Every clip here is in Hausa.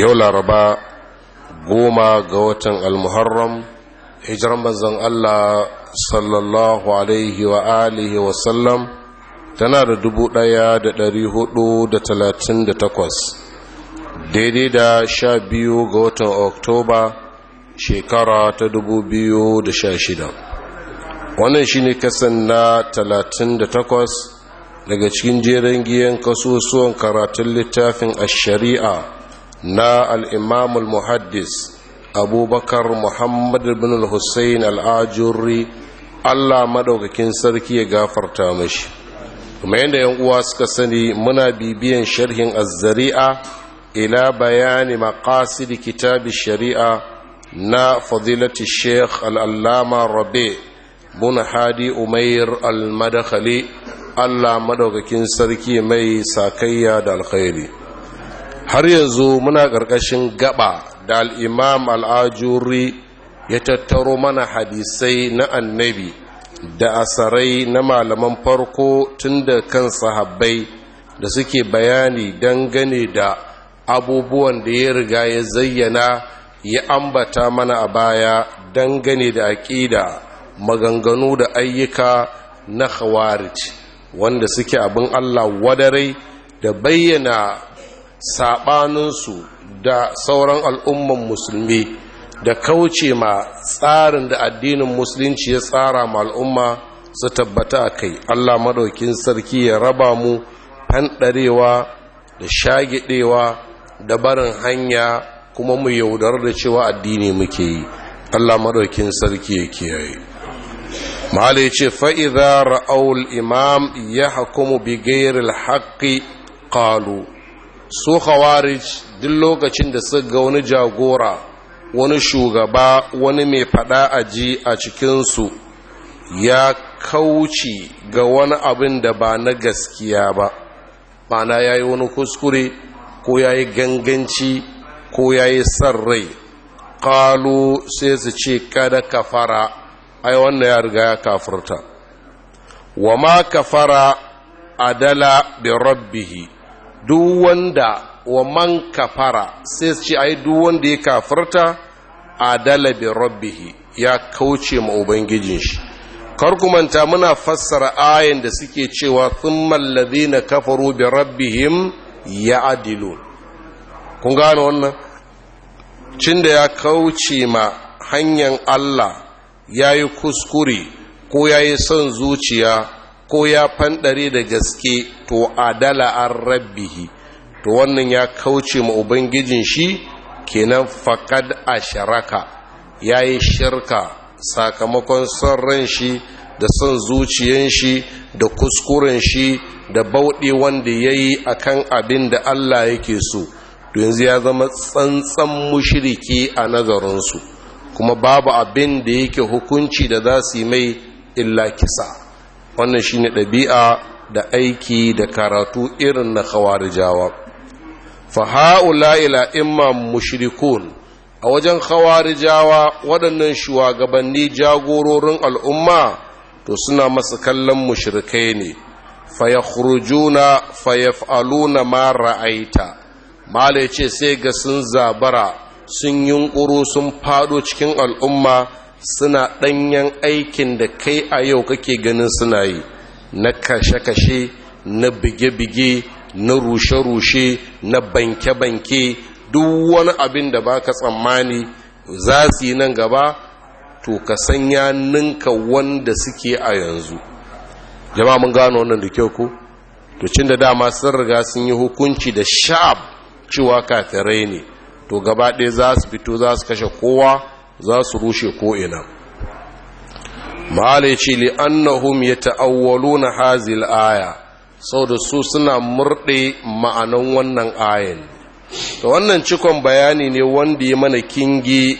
yau laraba goma ga watan almuharram hijiran mazan Allah sallallahu alaihi wa alihi wa tana da dubu ɗaya da dari hudu da talatin da takwas daidai da sha biyu ga watan oktoba shekara ta dubu biyu da sha shida wannan shine kasan na talatin da takwas daga cikin jeren giyan kasusuwan karatun littafin ashari'a sharia na al’imamul muhaddis abubakar muhammad bin al-hussein allah maɗaukakin sarki ya gafarta mashi kuma yadda yan uwa suka sani muna bibiyan sharhin azzari'a ila bayani da kitabin shari'a na fadilati sheikh alallama rabe rabi' bin hadi umair al-madakhali Allah madaukakin sarki mai sakayya da alkhairi har yanzu muna ƙarƙashin gaba da al'imam al'ajuri ya tattaro mana hadisai na annabi da asarai na malaman farko tun da kan sahabbai da suke bayani dangane da abubuwan da ya riga ya zayyana ya ambata mana a baya dangane da aƙida maganganu da ayyuka na khawarij wanda suke abin Allah wadarai da bayyana saɓaninsu da sauran al'umman musulmi da kauce ma tsarin da addinin musulunci ya tsara ma al'umma su tabbata a kai Allah maɗaukin sarki ya raba mu fanɗarewa da shagiɗewa da barin hanya kuma mu yaudar da cewa addini muke yi Allah maɗaukin sarki ya kiyaye mahala ce fa'iza ra'aul imam ya hakumu bigairil haƙi ƙalu su khawarij duk lokacin da su ga wani jagora wani shugaba wani mai fada a ji a cikinsu ya kauci ga wani abin da ba na gaskiya ba mana ya yi wani kuskure ko ya yi ganganci ko ya yi sarrai, rai ƙalu sai su ce kada ka fara ai wannan ya riga ya kafirta wa ma kafara adala bi rabbihi duk wanda wa man kafara sai ce ai duk wanda ya kafirta adala bi rabbihi ya kauce ma ubangijin shi kar ku manta muna fassara ayin da suke cewa thummal ladhina kafaru bi rabbihim adilun kun gane wannan cin da ya kauce ma hanyar Allah ya yi kuskure ko ya yi son zuciya ko ya fanɗare da gaske to adala an rabbihi to wannan ya kauce ma ubangijin shi kenan faƙad a sharaka ya yi shirka sakamakon son ran shi da son zuciyan shi da kuskuren shi da bauɗe wanda ya yi a kan abin da Allah yake so to yanzu ya zama tsantsan mushiriki a nazarinsu kuma babu abin da yake hukunci da za su yi mai illa kisa wannan shine ɗabi'a da aiki da karatu irin na Jawa. fa haula ila imma mushrikun a wajen Jawa waɗannan shugabanni jagororin al'umma to suna masu kallon mushrikai ne fayakhrujuna fayaf'aluna ma ra'aita mala ce sai ga sun zabara sun yunkuru sun fado cikin al'umma suna ɗanyen aikin da kai a yau kake ganin suna yi na kashe-kashe na bige-bige na rushe-rushe na banke-banke duk wani abin da ba ka tsammani za su yi nan gaba to ka sanya ninka wanda suke a yanzu jama'a mun gano wannan da kyau ku to da dama sun riga sun yi hukunci da sha'ab cewa kafirai ne to gaba ɗaya za su fito za su kashe kowa za su rushe ko'ina ma'ala ce li'annahum ya ta'awwalu na hazil aya sau da su suna murɗe ma'anan wannan ayan ta wannan cikon bayani ne wanda ya mana kingi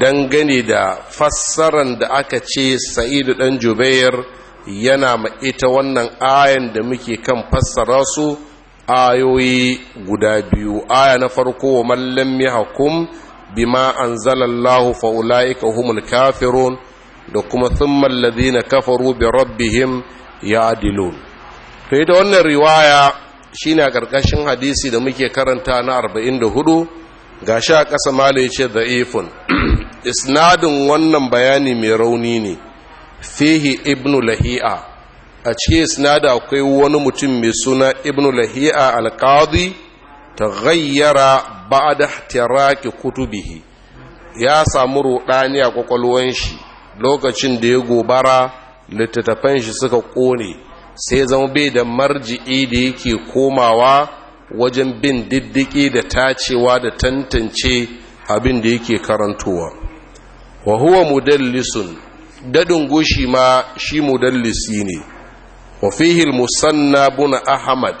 dangane da fassaran da aka ce sa'idu ɗan jubayar yana ma'ita wannan ayan da muke kan fassara su ayoyi guda biyu aya na farko wa mallam yahkum bima anzalallahu fa ka humul kafirun da kuma thumma alladhina kafaru bi rabbihim adilun to ita wannan riwaya shine a karkashin hadisi da muke karanta na 44 gashi a ƙasa mala yace da'ifun isnadin wannan bayani mai rauni ne fihi ibnu lahi'a a cikin sinada akwai wani mutum mai suna ibn lahiya alkazi ta gayyara ba da tiraki kutubihi ya samu rudani a kwakwalwan shi lokacin da ya gobara littattafan shi suka ƙone sai zama bai da marji'i da yake komawa wajen bin diddiki da tacewa da tantance abin da yake karantowa wa huwa mudallisun dadin goshi ma shi mudallisi ne wa musanna buna ahmad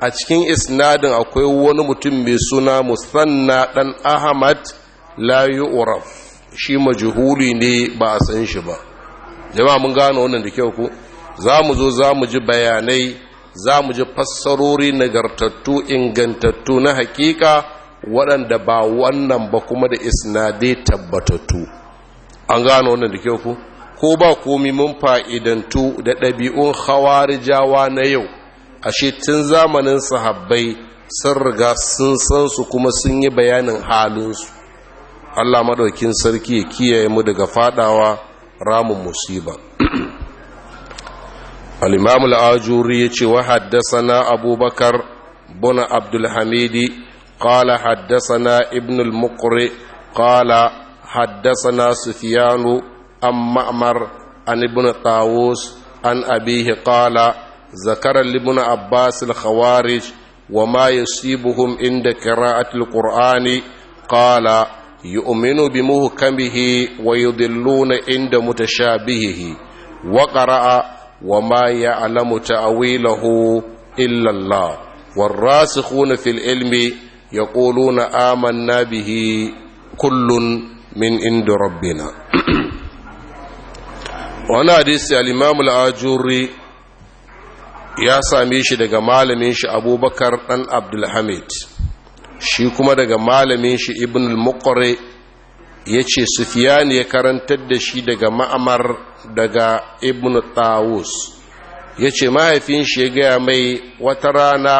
a cikin isnadin akwai wani mutum mai suna musanna dan ahmad la yu'raf shi majhuli ne ba a san shi ba jama'a mun gano wannan da kyau ku za mu zo za mu ji bayanai za mu ji fassarori nagartattu ingantattu na hakika waɗanda ba wannan ba kuma da isnadai tabbatattu an gano wannan da kyau ku ko ba komi mun fa'idantu da ɗabi'un hawarijawa na yau ashe tun zamanin sahabbai sun riga sun san su kuma sun yi bayanin halinsu allah maɗaukin sarki ya kiyaye mu daga fadawa ramin musiba ya wa haddasa na Abubakar Buna Abdulhamidi, عبد haddasa na ibnul mukure ƙala haddasa na sufiyanu an ma'amar an ibn tawus an abihi qala zakara ibn abbas al-khawarij wa ma yusibuhum inda qira'ati al-qur'ani qala yu'minu bi muhkamihi wa yudilluna inda mutashabihihi wa qara'a wa ma ya'lamu ta'wilahu illa Allah والراسخون في العلم يقولون آمنا به كل من عند ربنا wani hadisi al ajuri ya same shi daga malamin shi abubakar ɗan abdulhamid shi kuma daga malamin shi ibn al-muqri ya ce sufiyani ya karantar da shi daga ma'amar daga ibn tawus ya ce mahaifin shi ya gaya mai wata rana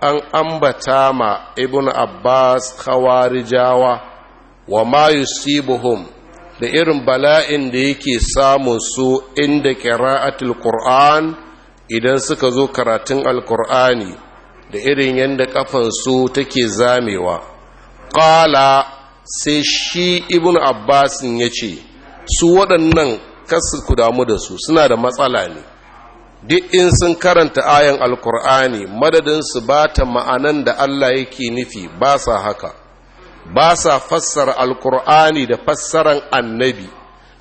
an ambata ma ibn abbas khawarijawa wa ma yusibuhum da irin bala'in da yake samun su inda kira'atul qur'an idan suka zo karatun alqur'ani da irin yanda kafan su take zamewa qala sai shi ibn abbas yace su waɗannan kasu ku damu da su suna da matsala ne duk in sun karanta ayan alqur'ani madadin su bata ma'anan da Allah yake nufi ba sa haka ba sa fassara alkur'ani da fassaran annabi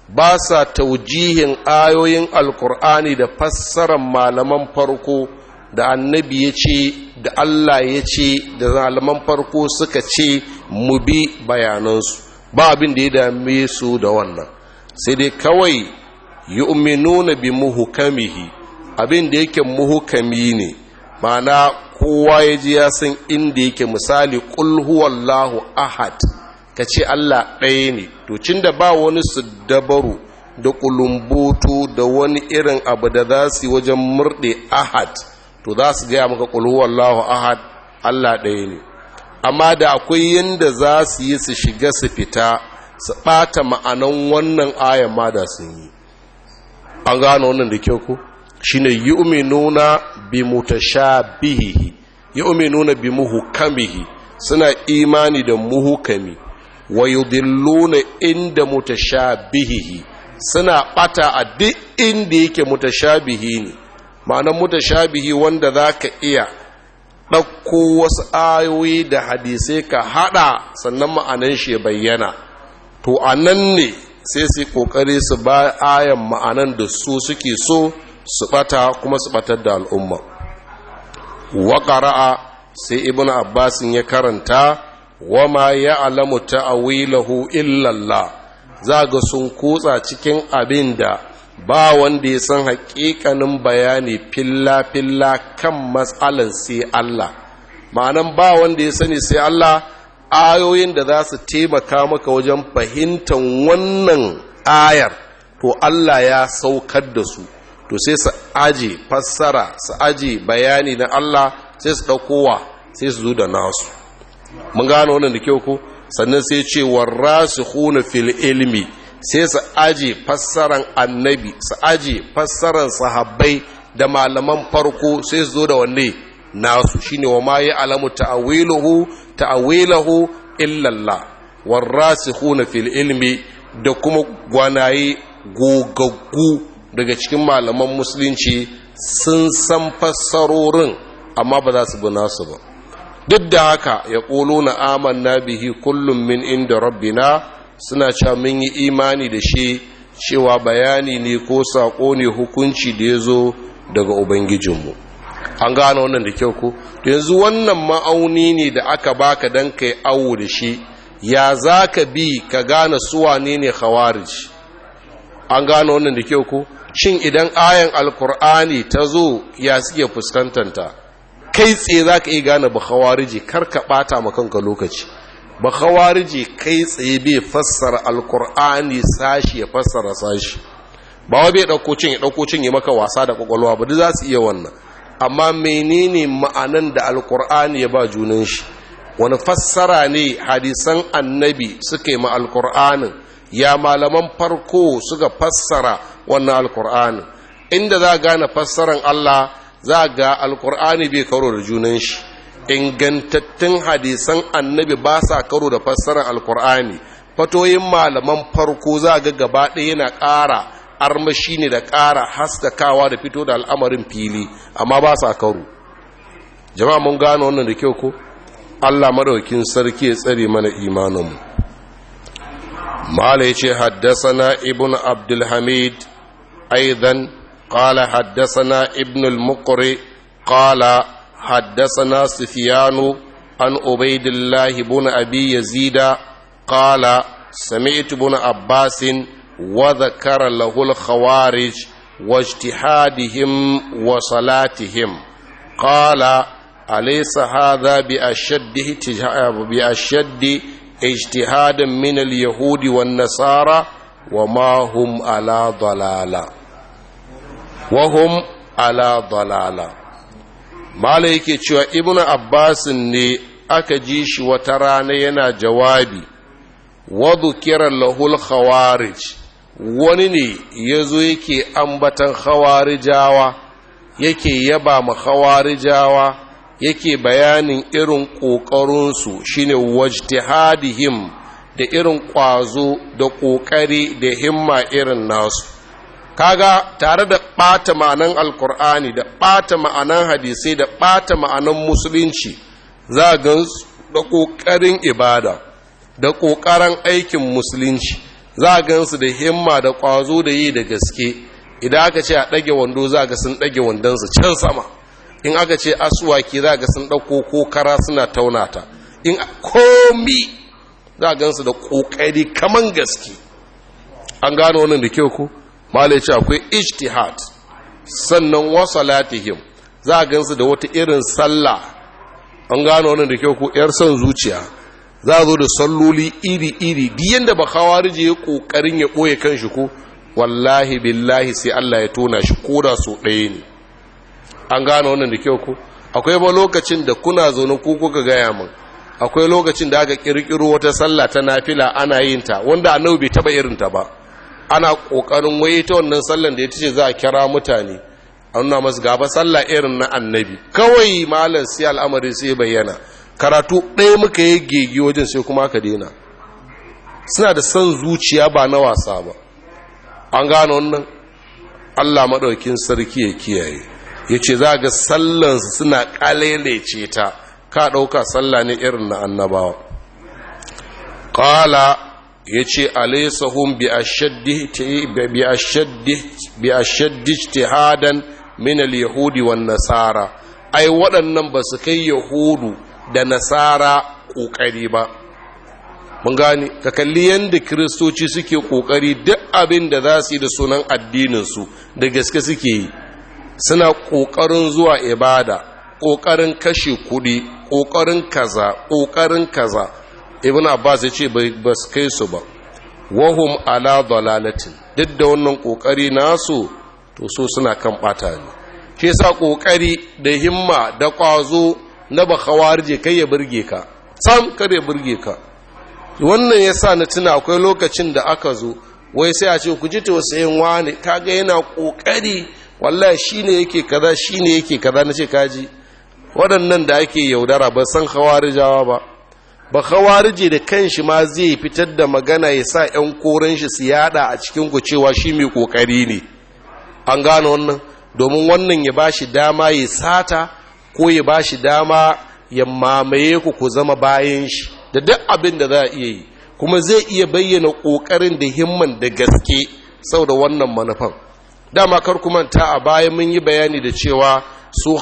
ba sa taujihin ayoyin alkur'ani da fassaran malaman farko da annabi ya ce da allah ya ce da malaman farko suka ce mu bi bayanansu ba abin da ya dame su da wannan sai dai kawai yu'minuna bi muhukamihi abin da yake muhukami ne ma'ana kowa ya ji ya san inda yake misali ƙul huwallahu ahad ka ce Allah ɗaya ne to cin da ba wani su dabaru da kulumbutu da wani irin abu da za su wajen murɗe ahad to za su gaya maka ƙul huwallahu ahad Allah ɗaya ne amma da akwai yadda za su yi su shiga su fita su ɓata ma'anan wannan ayan ma da sun yi an gano wannan da kyau ku shine yu'minuna bi mutashabihi yu'minuna bi muhkamihi suna imani da muhkami wa yudilluna inda mutashabihi suna bata a duk inda yake mutashabihi ne ma'anar mutashabihi wanda za ka iya ɗauko wasu ayoyi da hadisai ka haɗa sannan ma'anan shi bayyana to a nan ne sai su ƙoƙari su ba ayan ma'anan da su suke so su bata kuma su batar da al'umma wa qara'a sai ibnu abbasin ya karanta wa ma ya'lamu ta'wilahu illallah za ga sun kutsa cikin abin da ba wanda ya san hakikanin bayani filla filla kan matsalan sai Allah ma'anan ba wanda ya sani sai Allah ayoyin da za su taimaka maka wajen fahimtar wannan ayar to Allah ya saukar da su to sai su aji fassara su aji bayani na Allah sai su ɗaukowa sai su zo da nasu mun gano wannan da kyau ko sannan sai ce su huna fil ilmi sai su aji fassaran annabi su aji fassaran sahabbai da malaman farko sai su zo da wanne nasu shine wa ma ya alamu ta'awiluhu ta'awilahu illallah su huna fil ilmi da kuma gwanaye gogaggu daga cikin malaman musulunci sun san fassarorin amma ba za su bi nasu ba duk da haka ya ƙolo na amanna bihi kullum min inda rabbina suna cewa mun yi imani da shi cewa bayani ne ko saƙo ne hukunci da ya zo daga ubangijinmu an gane wannan da kyau ko yanzu wannan ma'auni ne da aka baka don kai awo da shi ya za ka bi ka gane suwa ne ne khawarij an gano wannan da kyau ko shin idan ayan alkur'ani ta zo ya suke fuskantanta kai tsaye za ka iya gane ba hawariji kar ka ɓata ma kanka lokaci ba hawariji kai tsaye bai fassara alkur'ani sashi ya fassara sashi ba wa bai ɗauko cin ya ɗauko cin maka wasa da ƙwaƙwalwa ba duk za su iya wannan amma menene ma'anan da alkur'ani ya ba junan shi wani fassara ne hadisan annabi suka yi ma alkur'anin ya malaman farko suka fassara wannan alkur'ani inda za gane fassaran Allah za ga alkur'ani bai karo da junan shi ingantattun hadisan annabi ba sa karo da fassaran alkur'ani fatoyin malaman farko za ga gaba ɗaya yana ƙara armashi ne da ƙara haskakawa da fito da al'amarin fili amma ba sa karo jama'a mun gano wannan da kyau ko Allah madaukin sarki ya tsare mana imaninmu mala ce haddasana ibn abdulhamid aidan qala haddasana ibn al-muqri qala haddasana sufyanu an ubaidillahi ibn abi yazida qala sami'tu ibn abbasin wa dhakara lahu al-khawarij واجتهادهم وصلاتهم قال أليس هذا بأشد, ijtihadin min al-yahudi wan nasara wa ma hum ala dalala wa hum ala dalala yake cewa ibnu abbasin ne aka ji shi wata rana yana jawabi wadu kiran lahul khawarij wani ne ya zo yake ambatan khawarijawa yake yaba ma khawarijawa yake bayanin irin ƙoƙarinsu shine wajtihadihim da irin ƙwazo da ƙoƙari da himma irin nasu kaga tare da ɓata ma'anan alkur'ani da ɓata ma'anan hadisai da ɓata ma'anan musulunci za a gan da ƙoƙarin ibada da ƙoƙarin aikin musulunci za a gansu da himma da ƙwazo da yi da gaske idan aka ce a ɗage wando za ga sun ɗage wandonsu can sama in aka ce asuwaki za ga sun ɗauko ko kara suna taunata in komi za gansu da ƙoƙari kaman gaske an gano wani da kyau ko malai ce akwai ijtihad sannan wasalatihim za gansu da wata irin sallah an gano wani da kyau ko yar son zuciya za zo da salloli iri-iri biyan da bakawarije ya ƙoƙarin ya ɓoye kan shi ko wallahi billahi sai Allah ya tona shi koda so ɗaya ne an gane wannan da kyau ku akwai ba lokacin da kuna zaune ku kuka gaya min akwai lokacin da aka kirkiro wata sallah ta nafila ana yin ta wanda annabi bai taba irin ta ba ana kokarin waye ta wannan sallan da yace za a kira mutane a nuna masu gaba sallah irin na annabi kawai malam sai al'amari sai bayyana karatu ɗaya muka yi gege wajen sai kuma aka daina suna da son zuciya ba na wasa ba an gano wannan allah maɗaukin sarki ya kiyaye ya ce za ga sallansu suna ƙalelece ta ka ɗauka salla ne irin na annabawa ƙala ya ce alaisahun bi a shaddi hadan minal yahudi wa nasara ai waɗannan ba su kai yahudu da nasara ƙoƙari ba mun gani ka kalli yadda kiristoci suke ƙoƙari duk abin da za su yi da sunan addininsu da gaske suke yi suna ƙoƙarin zuwa ibada ƙoƙarin kashe kuɗi ƙoƙarin kaza ƙoƙarin kaza ibn abbas ya ce ba su kai su ba wahum ala dalalatin duk da wannan ƙoƙari nasu to so suna kan ɓata ne ke sa ƙoƙari da himma da ƙwazo na ba je kai ya burge ka sam kar ya burge ka wannan ya sa na tuna akwai lokacin da aka zo wai sai a ce ku ji tausayin wani kaga yana ƙoƙari wallahi shine yake kaza shine yake kaza nace kaji waɗannan da ake yaudara ba san khawarijawa ba ba je da kanshi ma zai fitar da magana ya sa 'yan koren shi su yada a cikin ku cewa shi mai kokari ne an gane wannan domin wannan ya bashi dama ya sata ko ya bashi dama ya mamaye ku ku zama bayan shi da duk abin da za a iya yi kuma zai iya bayyana ƙoƙarin da himman da gaske saboda wannan manufan dama kar ku manta a baya mun yi bayani da cewa su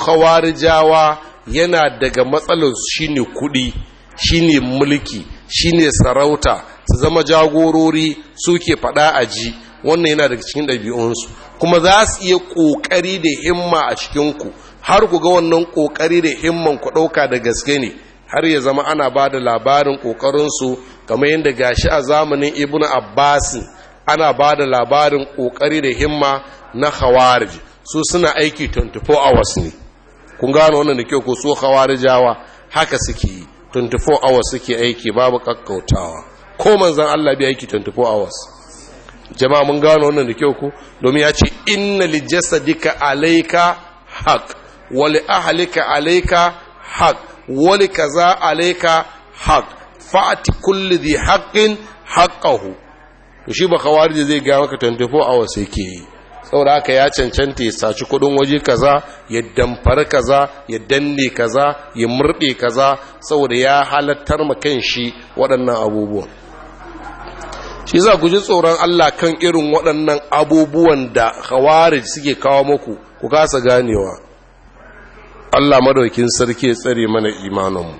jawa yana daga matsalar shine kuɗi shine mulki shine sarauta su zama jagorori suke faɗa a ji wannan yana daga cikin ɗabi'unsu kuma za su iya ƙoƙari da himma a cikinku har ku ga wannan ƙoƙari da himman ku ɗauka da gaske ne har ya zama ana ba da labarin ƙoƙarinsu kamar yadda gashi a zamanin ibn abbasin ana ba da labarin ƙoƙari da himma na khawarij su suna aiki 24 hours ne kun gano wannan da kyau ko su khawarijawa haka suke yi 24 hours suke aiki babu kakkautawa ko manzon Allah bai aiki 24 hours jama'a mun gano wannan da kyau ko domin ya ce inna li jasadika alayka haq wa li ahlika alayka haq wa li kaza alayka haq fa'ati kulli dhi haqqin haqqahu to shi ba da zai gaya maka 24 hours yake yi saboda haka ya cancanta ya saci kudin waje kaza ya damfar kaza ya danne kaza ya murɗe kaza saboda ya halattar ma kan shi waɗannan abubuwan shi za ku ji tsoron Allah kan irin waɗannan abubuwan da khawarij suke kawo muku ku kasa ganewa Allah madaukin sarki ya tsare mana imanin mu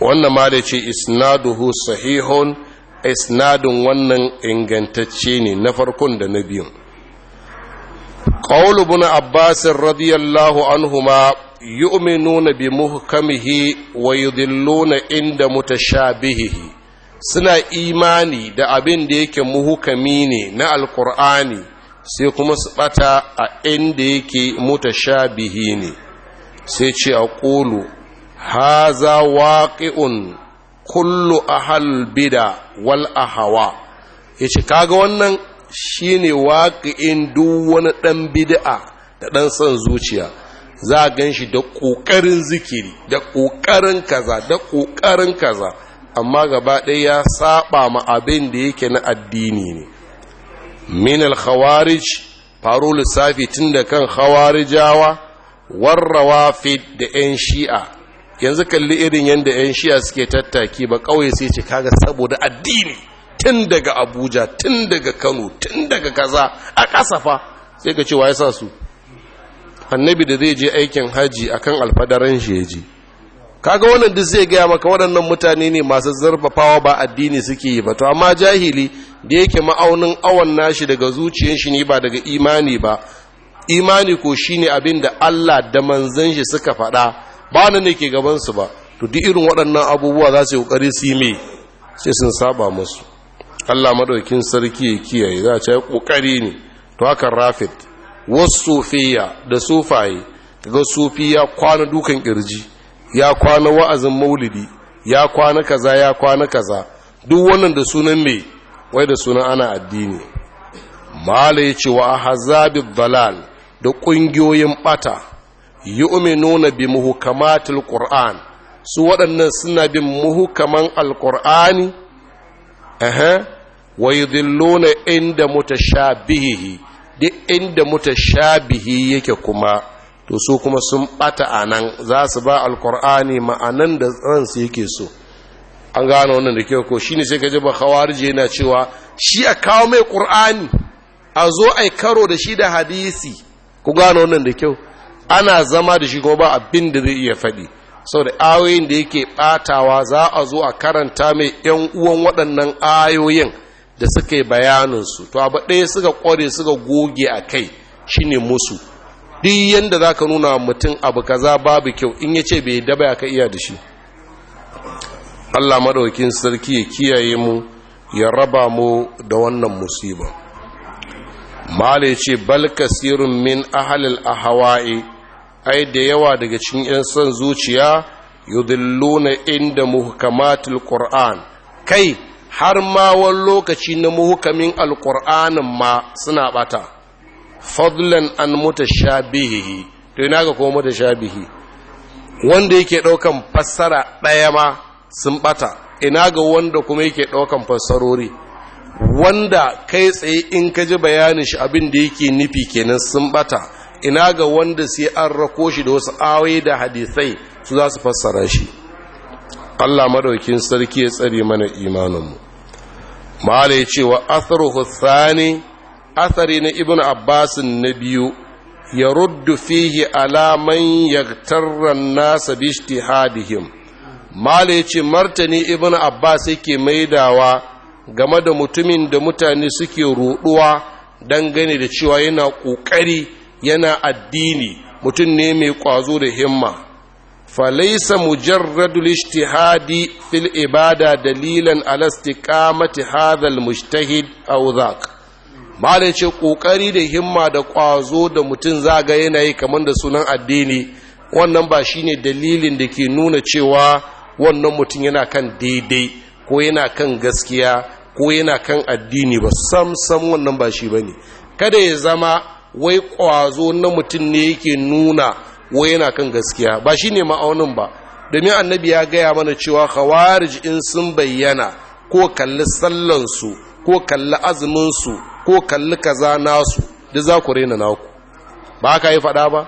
wannan ma da ce isnaduhu sahihun isnadin wannan ingantacce ne na farkon da na biyun qawlu na abbas radiyallahu anhuma yu'minuna bi muhkamihi wa yudilluna inda mutashabihihi suna imani da abin da yake muhukami ne na alkur'ani sai kuma su bata a inda yake mutashabihi ne sai ce a ƙulu haza waƙi'un kullu ahal bida wal ahawa ya ce kaga wannan shi ne waƙi'in duk wani ɗan bid'a da ɗan son zuciya za a gan shi da ƙoƙarin zikiri da ƙoƙarin kaza da ƙoƙarin kaza amma gaba ɗaya ya saba ma abin da yake na addini ne min alkhawarij faru lissafi tun da kan khawarijawa warrawa da 'yan shi'a yanzu kalli irin yadda 'yan shiya suke tattaki ba kawai sai ce kaga saboda addini tun daga abuja tun daga kano tun daga kaza a kasafa sai ka ce wa ya sa su annabi da zai je aikin haji akan alfadaran shi ya je kaga wannan duk zai gaya maka waɗannan mutane ne masu zarfafawa ba addini suke yi ba to amma jahili da yake ma'aunin awon nashi daga zuciyar shi ne ba daga imani ba imani ko shine abin da Allah da manzon shi suka faɗa ba na ne ke gabansu ba to duk irin waɗannan abubuwa za su yi ƙoƙari su yi mai sai sun saba musu allah maɗaukin sarki ya kiyaye za a ce ƙoƙari ne to haka rafid wasu sufiya da sufaye kaga sufi ya kwana dukan ƙirji ya kwana wa'azin maulidi ya kwana kaza ya kwana kaza duk wannan da sunan mai wai da sunan ana addini mala ya ce wa hazabi dalal da ƙungiyoyin ɓata yu'minuna bi muhkamatil qur'an su waɗannan suna bin muhukaman alqur'ani aha wa yudilluna inda mutashabihi duk inda mutashabihi yake kuma to su kuma sun bata anan za su ba alqur'ani ma'anan da ransu yake so an gano wannan da kyau ko shine sai ka ji ba khawarije yana cewa shi a kawo mai qur'ani a zo ai karo da shi da hadisi ku gano wannan da kyau ana zama da shi kuma ba abin da zai iya faɗi da ayoyin da yake ɓatawa za a zo a karanta mai ‘yan uwan waɗannan ayoyin da suka yi bayaninsu to abu ɗaya suka ƙware suka goge a kai shi ne musu duk yadda za ka nuna mutum abu kaza babu kyau in ya ce bai daba ya ka iya da shi allah maɗaukin sarki ya kiyaye mu ya raba mu da wannan musiba mala ya ce bal kasirun min ahalil ahawa'i ai da yawa daga cikin 'yan son zuciya yudilluna inda muhkamatul qur'an kai har ma wani lokaci na muhkamin alqur'anin ma suna bata fadlan an mutashabihi to ina ga kuma mutashabihi wanda yake daukan fassara daya ma sun bata ina ga wanda kuma yake daukan fassarori wanda kai tsaye in ka ji bayanin shi abin da yake nufi kenan sun bata ina ga wanda sai an rako shi da wasu awai da hadisai su za su fassara shi Allah madaukin sarki ya tsare mana imaninmu mala ya ce wa atharuhu thani athari na ibnu abbas na biyu ya ruddu fihi ala man an nasa bi ijtihadihim mala ya ce martani ibnu abbas yake maidawa game da mutumin da mutane suke ruduwa dangane da cewa yana kokari yana addini mutum ne mai kwazo da himma falaisa mujarradul ijtihadi fil ibada dalilan ala istiqamati hadhal mujtahid aw zak malai ce kokari da himma da kwazo da mutum zaga yi kamar da sunan addini wannan ba shine dalilin da ke nuna cewa wannan mutum yana kan daidai ko yana kan gaskiya ko yana kan addini ba sam sam wannan ba shi bane kada ya zama wai ƙwazo na mutum ne yake nuna wai yana kan gaskiya ba shi ne ma'aunin ba domin annabi ya gaya mana cewa khawarij in sun bayyana ko kalli sallansu ko kalli azuminsu ko kalli kaza nasu duk za ku rena naku ba ka yi faɗa ba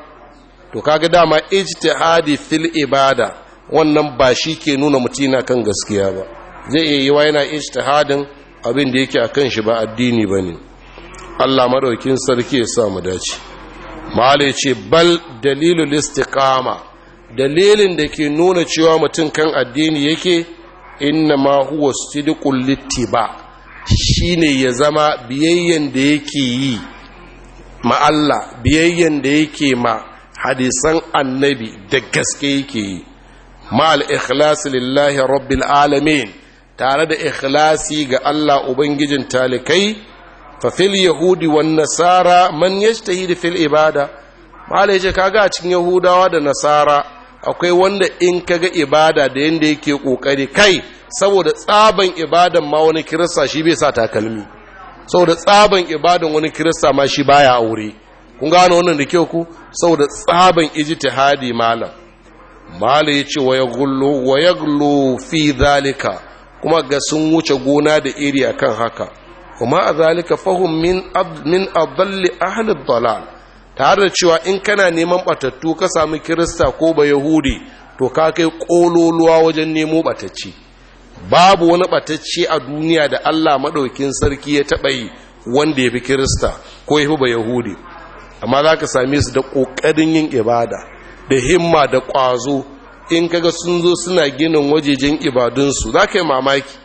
to kaga dama ijtihadi fil ibada wannan ba shi ke nuna mutum kan gaskiya ba zai iya yiwa yana ijtihadin abin da yake akan shi ba addini bane Allah maɗaukin sarki ya sa mu dace malai ce bal dalilul istiqama dalilin da ke nuna cewa mutum kan addini yake inna ma huwa sidqul littiba shine ya zama biyayyen da yake yi ma Allah biyayyen da yake ma hadisan annabi da gaske yake yi Mal ikhlas lillahi rabbil alamin tare da ikhlasi ga Allah ubangijin talikai fa fil yahudi wa nasara man yajtahid fil ibada malai ce kaga a cikin yahudawa da nasara akwai wanda in kaga ibada da yanda yake kokari kai saboda tsaban ibadan ma wani kirista shi bai sa takalmi saboda tsaban ibadan wani kirista ma shi baya aure kun gano wannan da kyau ku saboda tsaban ijtihadi malam malai ya ce wa yagullu wa fi zalika kuma ga sun wuce gona da iri akan haka kuma a zalika fahim min adalli ahli dalal tare da cewa in kana neman batattu ka sami kirista ko ba yahudi to ka kai kololuwa wajen nemo batacci babu wani batacci a duniya da Allah maɗaukin sarki ya taɓa yi wanda ya fi kirista ko ya fi ba yahudi amma za ka same su da ƙoƙarin yin ibada da himma da ƙwazo in kaga sun zo suna ginin wajejen ibadunsu za ka yi mamaki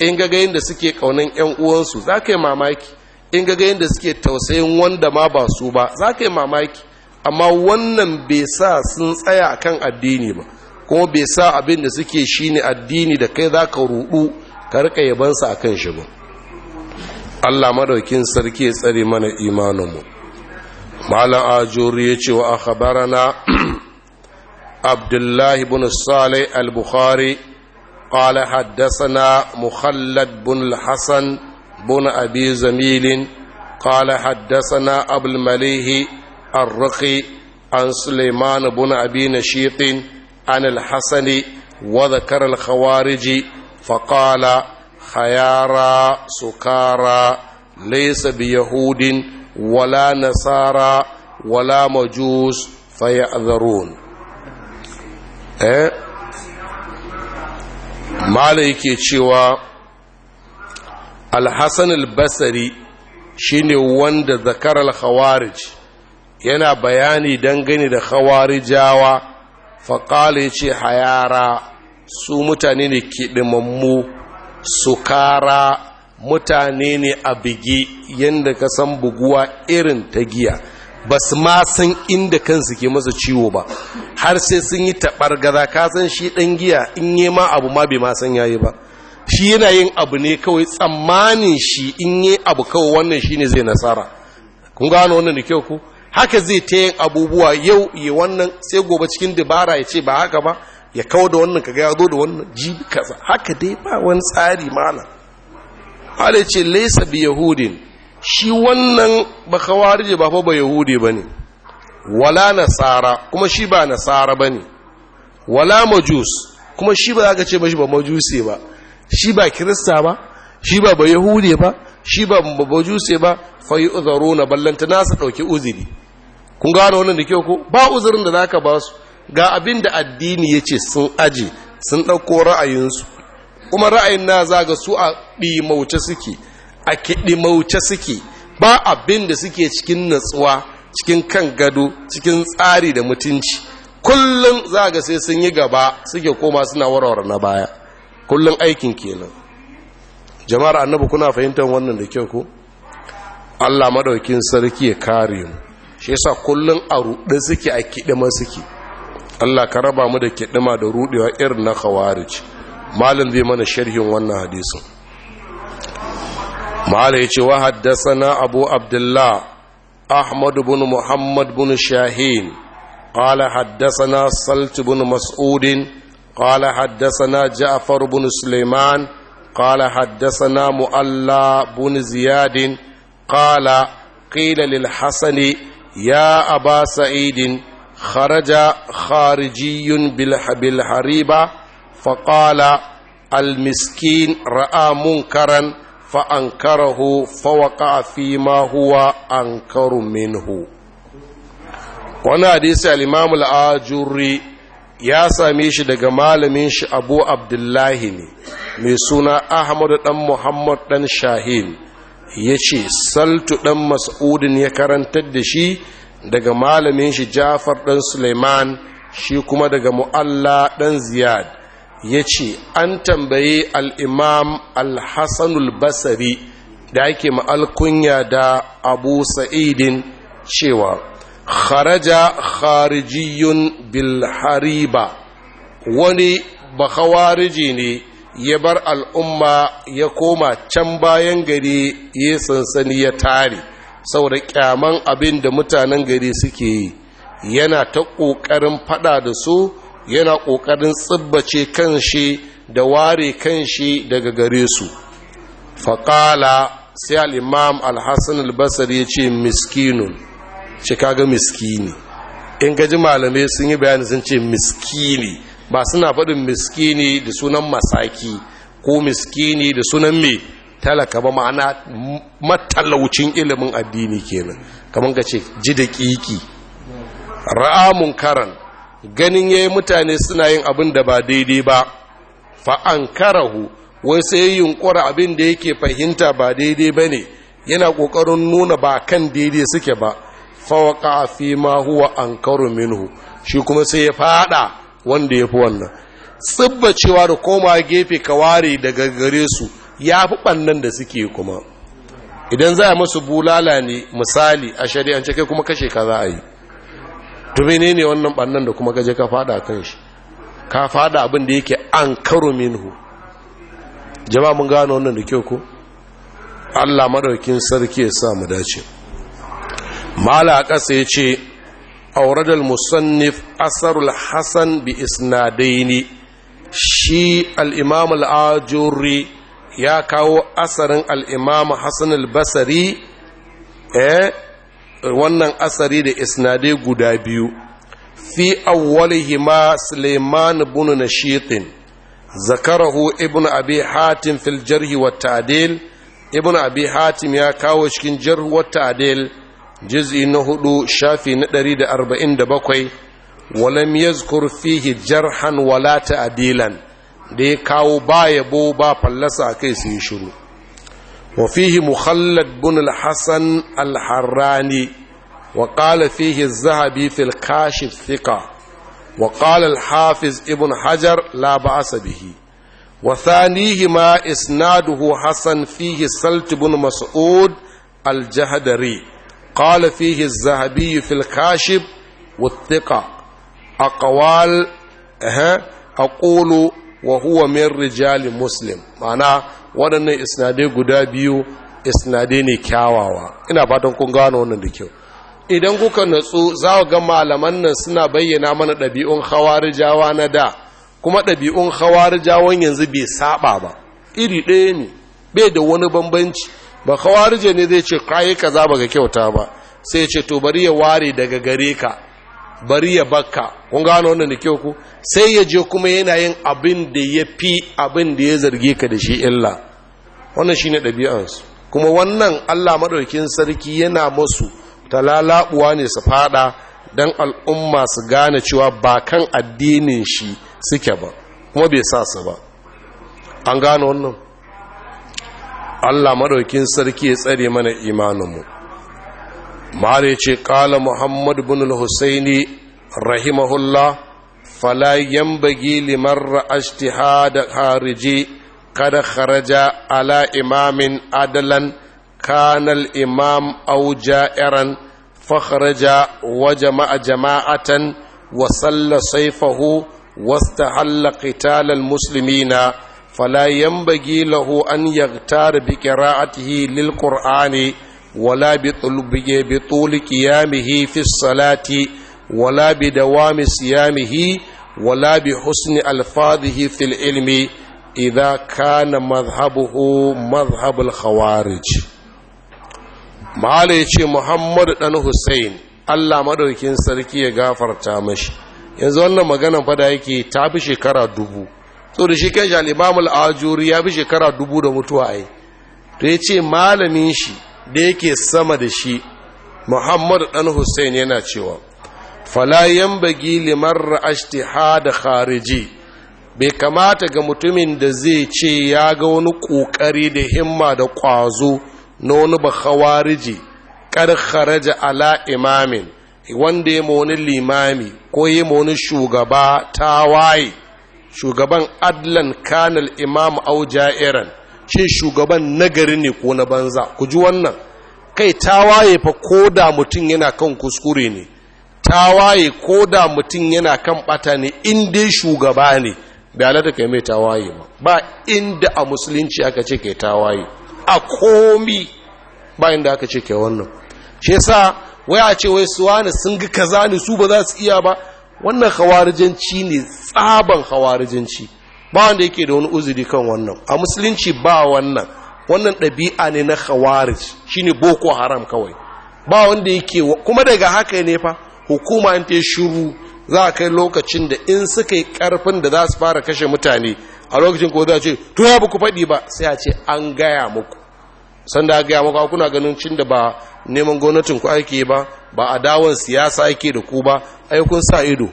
in yin da suke kaunin yan uwansu za ka yi mamaki in yin da suke tausayin wanda ma ba su ba za ka yi mamaki amma wannan bai sa sun tsaya kan addini ba kuma bai sa abin da suke shi ne addini da kai za ka rudu ka rika yabansa a kan shi ba allah madaukin sarki ya tsare mana imaninmu malam ajuri ya ce wa a na abdullahi bin salai al-bukhari قال حدثنا مخلد بن الحسن بن أبي زميل قال حدثنا أبو المليه الرقي عن سليمان بن أبي نشيط عن الحسن وذكر الخوارج فقال خيارا سكارا ليس بيهود ولا نصارى ولا مجوس فيأذرون أه؟ mala yake cewa alhassan albasari shine wanda zakar al-khawarij yana bayani dangane da khawarijawa faƙala ya ce hayara su mutane ne kiɗimammu sukara mutane ne a bigi yadda ka san buguwa irin ta giya ba su ma san inda kansu ke masa ciwo ba har sai sun yi taɓar gaza ka san shi ɗan giya in yi ma abu ma bai ma san yayi ba shi yana yin abu ne kawai tsammanin shi in yi abu kawai wannan shi ne zai nasara kun gano wannan da kyau ku haka zai ta yin abubuwa yau ya wannan sai gobe cikin dabara ya ce ba haka ba ya kawo da wannan kaga ya zo da wannan jibi kaza haka dai ba wani tsari malam ce yahudin shi wannan ba kawarije ba fa ba yahude ba ne wala nasara kuma shi ba nasara ba ne wala majus kuma shi ba zaka ce mashi ba majusi ba shi ba kirista ba shi ba ba yahude ba shi ba majusi ba fa yi na ballanta nasa ɗauki uziri kun gano wannan da kyau ko ba uzurin da zaka basu. ba su ga abin da addini ya ce sun aji sun ɗauko ra'ayinsu kuma ra'ayin na zaga su a ɗimauce suke a kiɗi suke ba abin da suke cikin natsuwa cikin kan gado cikin tsari da mutunci kullum za ga sai sun yi gaba suke koma suna warware na baya kullum aikin kenan jama'ar annabi kuna fahimtar wannan da kyau ko Allah maɗaukin sarki ya kare mu shi yasa kullum a ruɗe suke a kiɗima suke Allah ka raba mu da kiɗima da ruɗewa irin na khawarij malam zai mana sharhin wannan hadisin mala yace wa abu abdullah ahmad bin muhammad bin shahin qala haddathana salt bin Mas'udin qala haddathana ja'far bin Suleiman qala haddathana mu'alla bin ziyadin qala qila lil hasani ya aba sa'idin خرج خارجي بالحريبة فقال المسكين رأى منكرا فأنكره فوقع فيما هو أنكر منه وانا حديث الإمام الآجري ya same shi daga malamin shi abu abdullahi ne mai suna ahmadu dan muhammad dan shahin ya ce saltu dan mas'udin ya karantar da shi daga malamin shi jafar dan suleiman shi kuma daga mu'alla dan ziyad ya ce an tambaye al'imam Alhassanul basari da ake ma'alkunya da abu sa'idin cewa kharaja kharijiyun bilhariba wani bakawariji ne ya bar al'umma ya koma can bayan gari ya sansani ya tare saboda kyaman abin da mutanen gari suke yi yana ta ƙoƙarin fada da su yana ƙoƙarin tsibbace kanshi da ware kanshi daga gare su faƙala sai al'imam al-hassan al-basar ya ce miskinun ga miskini in gaji malamai sun yi bayani sun ce miskini ba suna faɗin miskini da sunan masaki ko miskini da sunan mai talaka ba ma'ana matalaucin ilimin addini kenan kamar ga ce ji da ƙiƙi ra'a munkaran ganin ya yi mutane suna yin abin da ba daidai ba fa'an karahu wai sai yi yunkura abin da yake fahimta ba daidai ba ne yana ƙoƙarin nuna ba kan daidai suke ba fawaka fi ma huwa an karo minhu shi kuma sai ya fada wanda ya fi wannan tsibba cewa da koma gefe ka ware daga gare su ya fi ɓannan da suke kuma idan za a masu bulala ne misali a shari'ance kai kuma kashe ka za a yi to bene ne wannan bannan da kuma gaje ka fada kan shi ka fada abin da yake an karo minhu jama'a mun gano wannan da kyau ko Allah madaukin sarki ya sa mu dace mala akasa yace awrad al musannif asarul hasan bi isnadaini shi al imam al ajuri ya kawo asarin al imam hasan al basri eh wannan asari da isnadai guda biyu fi awwalihima Suleiman bin Nashitin zakarahu ibn Abi Hatim fil jarh wa ta'dil ibn Abi Hatim ya kawo cikin jarh wa ta'dil juz'i na hudu shafi na 147 walam yazkur fihi jarhan wala ta'dilan da ya kawo ba yabo ba fallasa kai sun shiru وفيه مخلد بن الحسن الحراني وقال فيه الذهبي في الكاشف ثقة وقال الحافظ ابن حجر لا بأس به وثانيهما إسناده حسن فيه سلت بن مسعود الجهدري قال فيه الذهبي في الكاشف والثقة أقوال أقول وهو من رجال مسلم معناه waɗannan isnadai guda biyu isnadai ne kyawawa ina fatan kun gano wannan da kyau idan kuka natsu za ku ga malaman nan suna bayyana mana ɗabi'un hawarijawa na da kuma ɗabi'un hawarijawan yanzu bai saba ba iri ɗaya ne bai da wani bambanci ba hawarije ne zai ce kayi kaza ba ga kyauta ba sai ce to bari ya ware daga gare ka bari ya bakka kun gano wannan da kyau ku sai ya je kuma yana yin abin da ya fi abin da ya zarge ka da shi illa wannan ne ɗabi'ansu kuma wannan Allah maɗaukin sarki yana musu talalabuwa ne su faɗa don al'umma su gane cewa ba kan addinin shi suke ba kuma bai sa su ba an gane wannan Allah maɗaukin sarki ya tsare mana imaninmu mare ce ƙala Muhammadu bin al-husaini rahimahullah fala yambagi liman da harije kada kharaja ala imamin adalan kanal imam au ja'iran fakharaja wa jama'a jama'atan wa salla saifahu واستحل قتال المسلمين فلا ينبغي له أن يغتار بقراءته للقرآن ولا بطول قيامه في الصلاة ولا بدوام صيامه ولا بحسن ألفاظه في العلم idza kana مذهبه مذهب الخوارج mala yace muhammad بن حسين Allah madaukin sarki ya gafarta mashi yanzu wannan magana fada yake ta bi shekara dubu so da shi kanshi al-imam al-ajuri ya bi shekara dubu da mutuwa ai to yace malamin shi da yake sama da shi muhammad dan Husaini yana cewa fala bagi liman ha da khariji bai kamata ga mutumin da zai ce ya ga wani ƙoƙari da himma da ƙwazo na wani bakhawariji kar kharaja ala imamin wanda ya wani limami ko ya wani shugaba tawaye shugaban adlan kanal imam au ja'iran ce shugaban nagari ne ko na banza ku ji wannan kai tawaye fa ko da mutum yana kan kuskure ne tawaye ko da mutum yana kan ɓata ne in dai shugaba ne bai ka yi mai tawaye ma. ba inda a musulunci aka ce ke tawaye a komi ba inda aka ce ke wannan shi sa wai ce wai suwa wani sun ga kaza ne su ba za su iya ba wannan hawarijanci ne tsaban hawarijanci ba wanda yake da wani uzuri kan wannan a musulunci ba wannan wannan ɗabi'a ne na hawarij ne boko haram kawai ba wanda yake kuma daga haka ne fa hukuma ta shiru za a kai lokacin da in suka yi karfin da za su fara kashe mutane a lokacin ko za ce to ya ku faɗi ba sai a ce an gaya muku sanda a gaya muku kuna ganin cin da ba neman gwamnatin ku ake ba ba a dawon siyasa ake da ku ba ai kun sa ido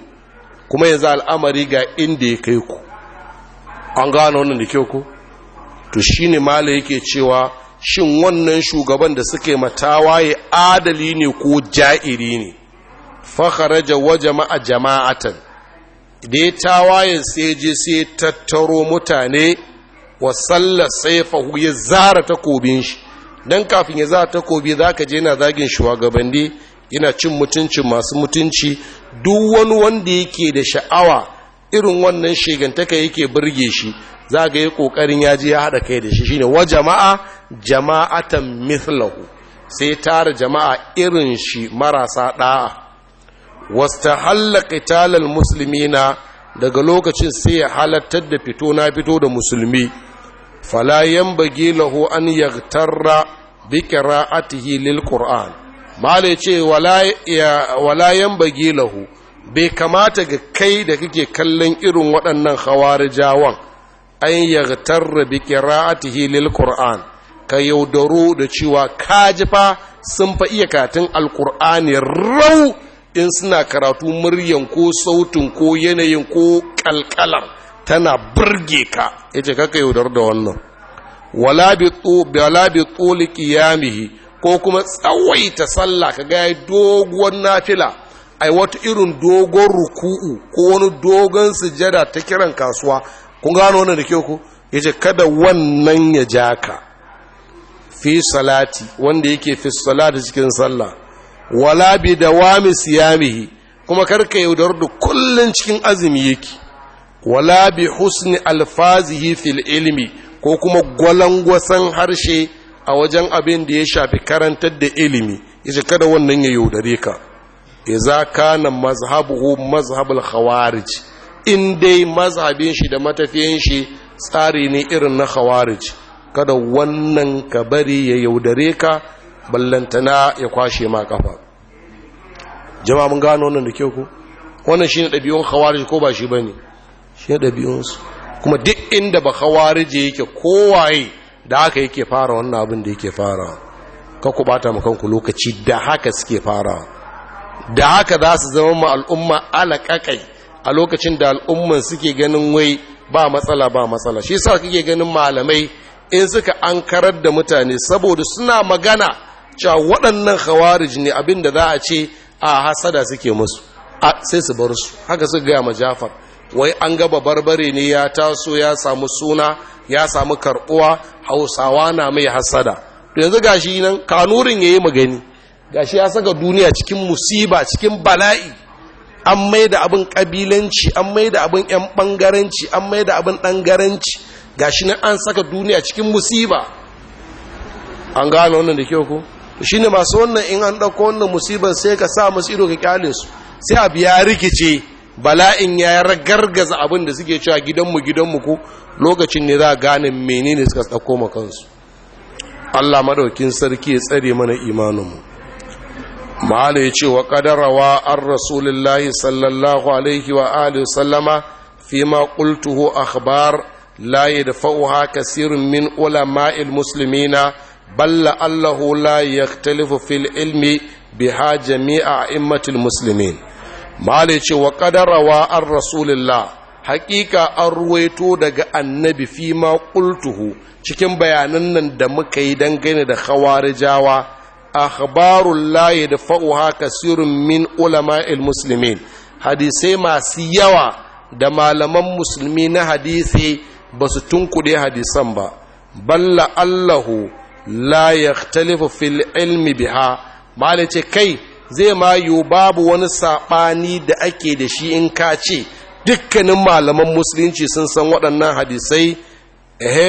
kuma yanzu al'amari ga inda ya kai ku an gano wannan da kyau ku to shine mala yake cewa shin wannan shugaban da suke matawaye adali ne ko ja'iri ne fakharaja wa jama'a jama'atan da ya tawayen sai je sai tattaro mutane wa sallar saifahu ya zara takobin shi dan kafin ya zara takobi zaka je yana zagin shugabanni yana cin mutunci masu mutunci duk wani wanda yake da sha'awa irin wannan shigantaka yake burge shi za ga yi ya je ya haɗa kai da shi shine wa jama'a jama'atan mithlahu sai tara jama'a irin shi marasa ɗa'a wastahalla musulmi na daga lokacin sai ya halattar da fito na fito da musulmi falayen yanbaghi laho an yaghtarra bi qira'atihi lil qur'an mala ce wala wala laho bai kamata ga kai da kake kallon irin waɗannan jawon. an yaghtarra bi qira'atihi lil qur'an ka yaudaro da cewa kajifa sun fa iya katin alqur'ani rau in suna karatu muryan ko sautin ko yanayin ko kalkalar tana burge ka ya ce kaka yaudar da wannan wala bi tsoli kiyamihi ko kuma tsawaita sallah ka gaya doguwar nafila ai wata irin dogon ruku'u ko wani dogon sujada ta kiran kasuwa kun gano wannan da kyau ku ya ce kada wannan ya ja ka fi salati wanda yake fi salati cikin sallah wala bi dawami siyamihi kuma karka yaudar da kullun cikin azumi yake wala bi husni alfazihi fil ilmi ko kuma gwalangwasan harshe a wajen abin da ya shafi karantar da ilimi yace kada wannan ya yaudare ka idza kana mazhabuhu mazhabul khawarij in dai mazhabin shi da matafiyan shi tsari ne irin na khawarij kada wannan ka bari ya yaudare ka ballantana ya kwashe ma kafa jama'a mun gano wannan da kyau ku. wannan shine dabi'un khawarij ko ba shi bane shi dabi'un su kuma duk inda ba khawarij yake kowaye da haka yake fara wannan abin da yake fara ka ku bata mu kanku lokaci da haka suke fara da haka za su zama mu al'umma alaƙaƙai a lokacin da al'umman suke ganin wai ba matsala ba matsala shi sa kake ganin malamai in suka ankarar da mutane saboda suna magana cewa waɗannan khawarij ne abinda za a ce a hasada suke musu sai su bar su haka suka gaya ma jafar wai an gaba barbare ne ya taso ya samu suna ya samu karɓuwa hausawa na mai hasada yanzu gashi nan kanurin ya yi magani gashi ya saka duniya cikin musiba cikin bala'i an mai da abin ƙabilanci an mai da abin 'yan ɓangaranci an mai da abin ɗangaranci gashi nan an saka duniya cikin musiba an gano wannan da kyau ko shi ne masu wannan in an ɗauko wannan musibar sai ka sa masu ido ka kyale su sai abu ya rikice bala'in ya ragargaza abin da suke cewa gidanmu gidanmu ko lokacin ne za a gane menene suka ɗauko ma kansu allah maɗaukin sarki ya tsare mana imaninmu mahala ya ce wa ƙadarawa an rasulillahi sallallahu alaihi wa alihi sallama fi ma ƙultuhu akhbar la yadfa'uha kasirun min ulama'il muslimina balla allahu la fil ilmi biha jami'a immatul musulmin. malai ce wa ƙadarawa an rasulillah haƙiƙa an ruwaito daga annabi fi ma qultuhu cikin bayanan nan da muka yi dangane da khawarijawa akhbarul da fa'uha kasirun min ulama'il muslimin hadisai masu yawa da malaman musulmi na hadisai ba su tunkuɗe hadisan ba balla allahu la yahtalifu fil ilmi biha malai ce kai zai ma yiwu babu wani saɓani da ake da shi in ka ce dukkanin malaman musulunci sun san waɗannan hadisai ehe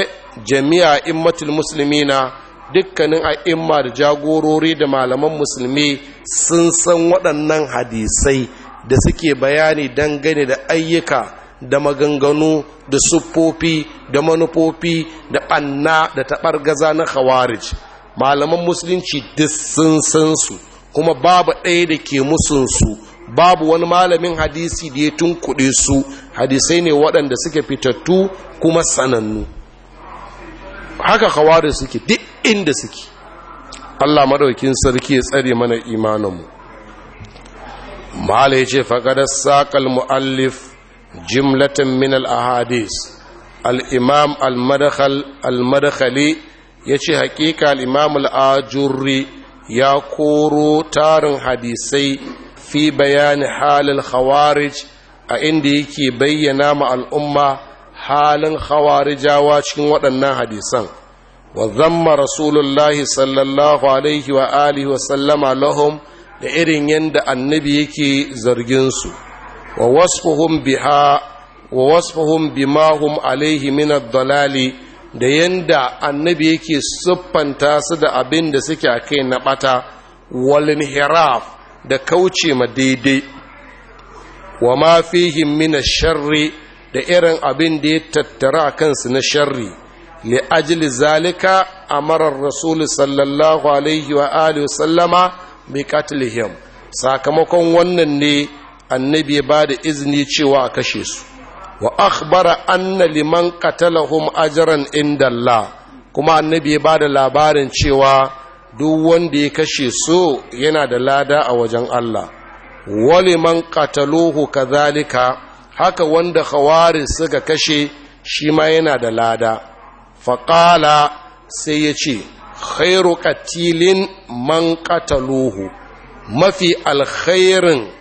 jami'a immatul musulmina dukkanin a'imma da jagorori da malaman musulmi sun san waɗannan hadisai da suke bayani dangane da ayyuka da maganganu da siffofi da manufofi da ɓanna da taɓar gaza na khawarij malaman musulunci duk sun san su kuma babu ɗaya da ke musunsu babu wani malamin hadisi da ya tunkuɗe su hadisai ne waɗanda suke fitattu kuma sanannu haka khawarij suke duk inda suke Allah madaukin sarki ya tsare mana imaninmu mu ya ce faƙadar saƙal mu'allif jimlatan Minal al-ahadis al-imam al-madakhali ya ce hakika al al-ajurri ya koro tarin hadisai fi bayani halin khawarij a inda yake bayyana ma al'umma halin khawarijawa cikin waɗannan hadisan wa zamma sallallahu alaihi wa alihi wa lahum da irin yadda annabi yake zarginsu wa wasfuhum biha wa alaihi min dalali da yanda annabi yake siffanta su da abin da suke a kai na bata wal da kauce ma daidai wa ma fihim min sharri da irin abin da ya tattara kansu na sharri li ajli zalika amara ar-rasul sallallahu alaihi wa alihi wa sallama bi qatlihim sakamakon wannan ne annabi ya ba da izini cewa a kashe su wa akhbara anna liman qatalahum ajran inda Allah kuma annabi ya ba da labarin cewa duk wanda ya kashe su yana da lada a wajen Allah wa liman qataluhu kadhalika haka wanda khawari suka kashe shi ma yana da lada faqala sai ya ce khairu qatilin man qataluhu mafi alkhairin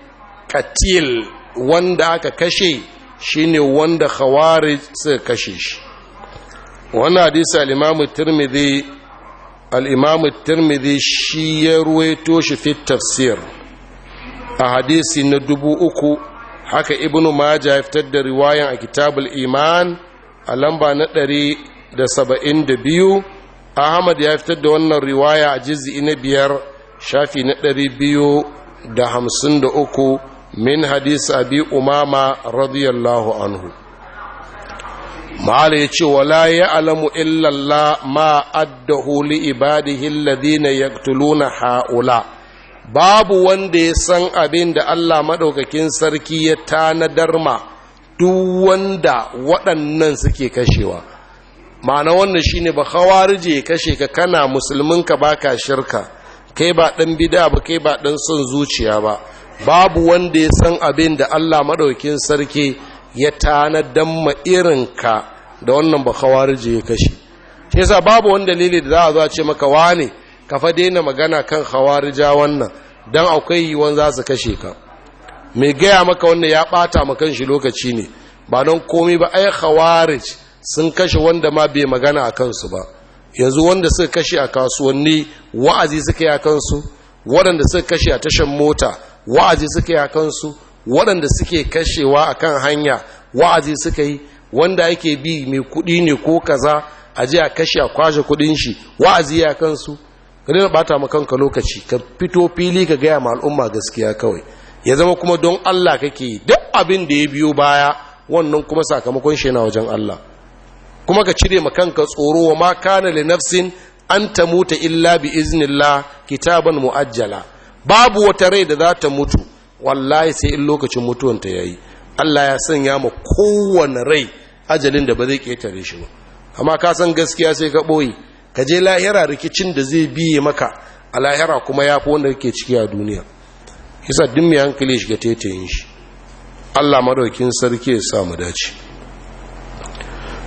katil wanda aka kashe shine wanda khawari suka kashe shi wannan hadisi al-imamu tirmidhi al shi ya ruwaito shi fi tafsir a hadisi na dubu uku haka ibnu maja ya fitar da riwayan a kitabul iman a lamba na ɗari da saba'in da biyu ahmad ya fitar da wannan riwaya a jizi na biyar shafi na ɗari biyu da hamsin da uku min hadis abi umama radiyallahu anhu ma'ala ya ce wala ya alamu illallah ma addahu li ibadihi alladhina yaqtuluna haula babu wanda ya san abin da Allah maɗaukakin sarki ya tanadar ma duk wanda waɗannan suke kashewa ma'ana wannan shine ba khawarije kashe ka kana musulmin ka baka shirka kai ba dan bid'a ba kai ba ɗan son zuciya ba babu wanda ya san abin da Allah maɗaukin sarki ya tanadan ma ka. da wannan ba ya kashe shi yasa babu wani dalili da za a zo a ce maka wane ka fa daina magana kan khawarija wannan dan akwai yiwuwan za su kashe ka mai gaya maka wannan ya bata ma kanshi lokaci ne ba don komai ba ai khawarij sun kashe wanda ma bai magana a kansu ba yanzu wanda suka kashe a kasuwanni wa'azi suka yi a kansu waɗanda suka kashe a tashan mota wa'azi suka yi a kansu waɗanda suke kashewa a kan hanya wa'azi suka yi wanda yake bi mai kuɗi ne ko kaza a je a kashe a kwashe kuɗin shi wa'azi ya kansu ka na ɓata ma kanka lokaci ka fito fili ka gaya ma al'umma gaskiya kawai ya zama kuma don Allah kake duk abin da ya biyo baya wannan kuma sakamakon shi na wajen Allah kuma ka cire ma kanka tsoro wa ma kana li nafsin an tamuta illa bi iznillah kitaban muajjala babu wata rai da za ta mutu wallahi sai in lokacin mutuwanta ya yi allah ya sanya ma kowane rai ajalin da ba zai ƙetare shi ba amma ka san gaskiya sai ka ɓoye ka je lahira rikicin da zai biye maka a lahira kuma ya fi wanda yake ciki a duniya Kisa duk mai hankali shiga tetayin shi allah madaukin sarki ya sa mu dace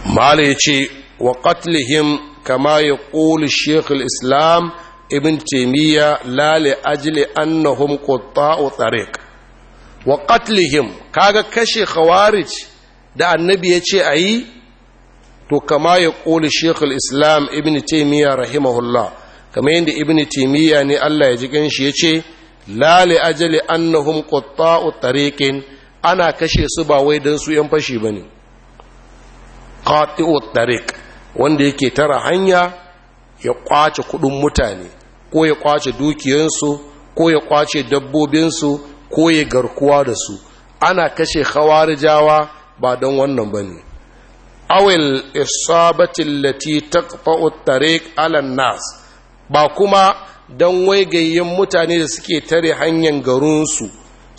mala ya ce wa qatlihim kama ya ƙoli shekul islam ibn taimiyya lale ajili annahum qutta'u tariq wa qatlihim kaga kashe khawarij da annabi ya ce ayi to kama ya koli shekul islam ibn taimiyya rahimahullah kama yadda ibn taimiyya ne allah ya ji ganshi ya ce lale ajali annahum qutta'u tariqin ana kashe su ba wai don su yan fashi bane qati'u tariq wanda yake tara hanya ya kwace kudin mutane ko ya kwace dukiyansu ko ya kwace dabbobinsu ko ya garkuwa da su ana kashe khawarijawa ba don wannan ba bane awil isabatin Lati taqta'u tariq 'ala nas ba kuma don waigayyen mutane da suke tare hanyar garinsu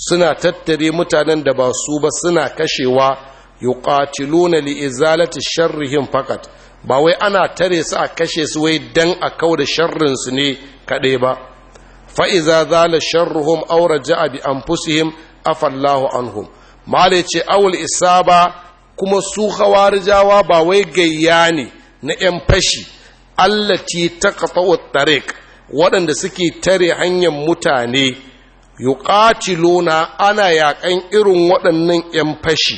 suna tattare mutanen da ba su ba suna kashewa yuqatiluna li izalati sharrihim fakat ba wai ana tare su a kashe su wai dan a kau da sharrin su ne kaɗai ba fa'iza zala sharruhum aura ja'a bi anfusihim afallahu anhum male ce awul isaba kuma su hawarijawa ba wai gayya ne na ‘yan fashi allati ta kafa tariq waɗanda suke tare hanyar mutane yuqatiluna ana yaƙan irin waɗannan ‘yan fashi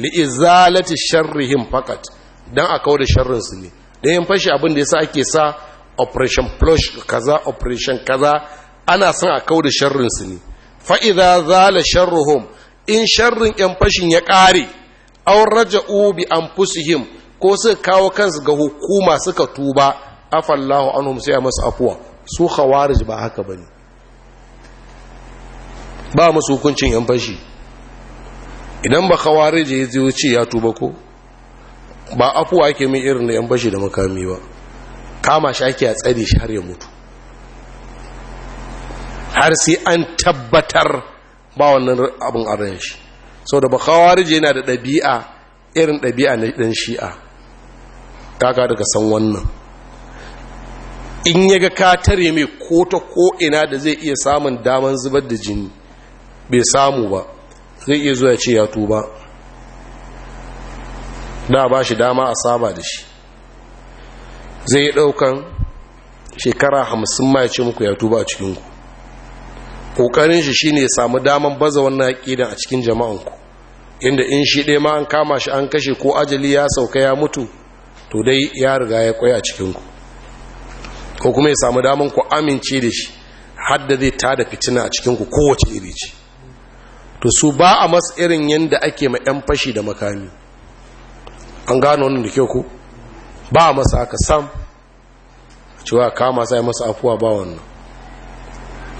li'izalati sharrihim fakat don a kawo da sharrinsu ne da yin fashi abin da ya yasa ake sa operation plush kaza operation kaza ana son a kawo da sharrinsu ne fa'iza zala sharruhum in sharrin ‘yan fashin ya ƙare an raja ubi an fusihim ko su kawo kansu ga hukuma suka tuba afallahu hum sai a masu afuwa su khawarij ba haka ba ne ba masu hukuncin ‘yan fashi idan ba khawarij ya ce ya tuba ko ba afuwa ake mai irin na yan bashi da makami ba kama shi ake a tsare shi har ya mutu har sai an tabbatar ba wannan abin a shi sau da bakawarije yana da ɗabi'a irin ɗabi'a na ɗan shi'a kaka daga san wannan in ya ga katare ya mai ko ta ko'ina da zai iya samun daman zubar da jini bai samu ba zai iya zuwa ce ya tuba da ba shi dama a saba da shi zai yi ɗaukan shekara hamsin ma ya ce muku ya tuba a cikinku ƙoƙarin shi shine ya samu daman baza wannan aƙidan a cikin jama'anku inda in shi ɗaya ma an kama shi an kashe ko ajali ya sauka ya mutu to dai ya riga ya kwai a cikinku ko kuma ya samu daman ku amince da shi hadda zai tada fitina a cikinku kowace iri ce to su ba a masu irin yadda ake ma 'yan fashi da makami an gano wannan da kyau ku ba masa aka sam cewa kama sai masa afuwa ba wannan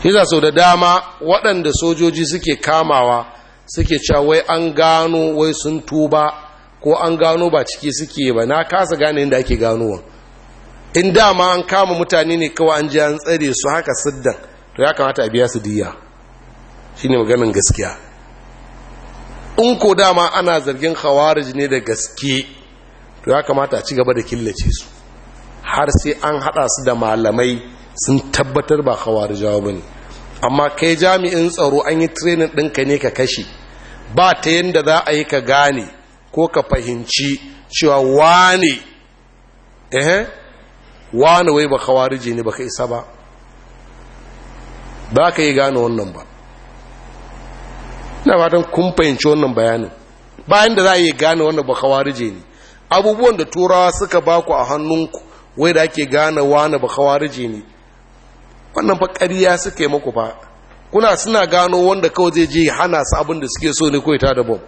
za sau da dama waɗanda sojoji suke kamawa suke cewa wai an gano wai sun tuba ko an gano ba ciki suke ba na kasa gane inda ake gano ganowa in dama an kama mutane ne kawai an ji an tsare su haka siddan to ya kamata a biya su diya shine maganin gaskiya in ko dama ana zargin khawarij ne da gaske to ya kamata a ci gaba da killace su har sai an hada su da malamai sun tabbatar ba khawarijawa bane amma kai jami'in tsaro an yi training ka ne ka kashe ba ta yadda za a yi ka gane ko ka fahimci cewa wane ehe wane wai ba khawarije ne ba ka isa ba ba ka yi gane wannan ba ina fatan kun fahimci wannan bayanin bayan da za a iya gane wannan ba kawarije ne abubuwan da turawa suka baku a hannunku wai da ake gane wani ba kawarije ne wannan fa ƙarya suka yi muku fa kuna suna gano wanda kawai zai je hana su abin da suke so ne kawai ta da bom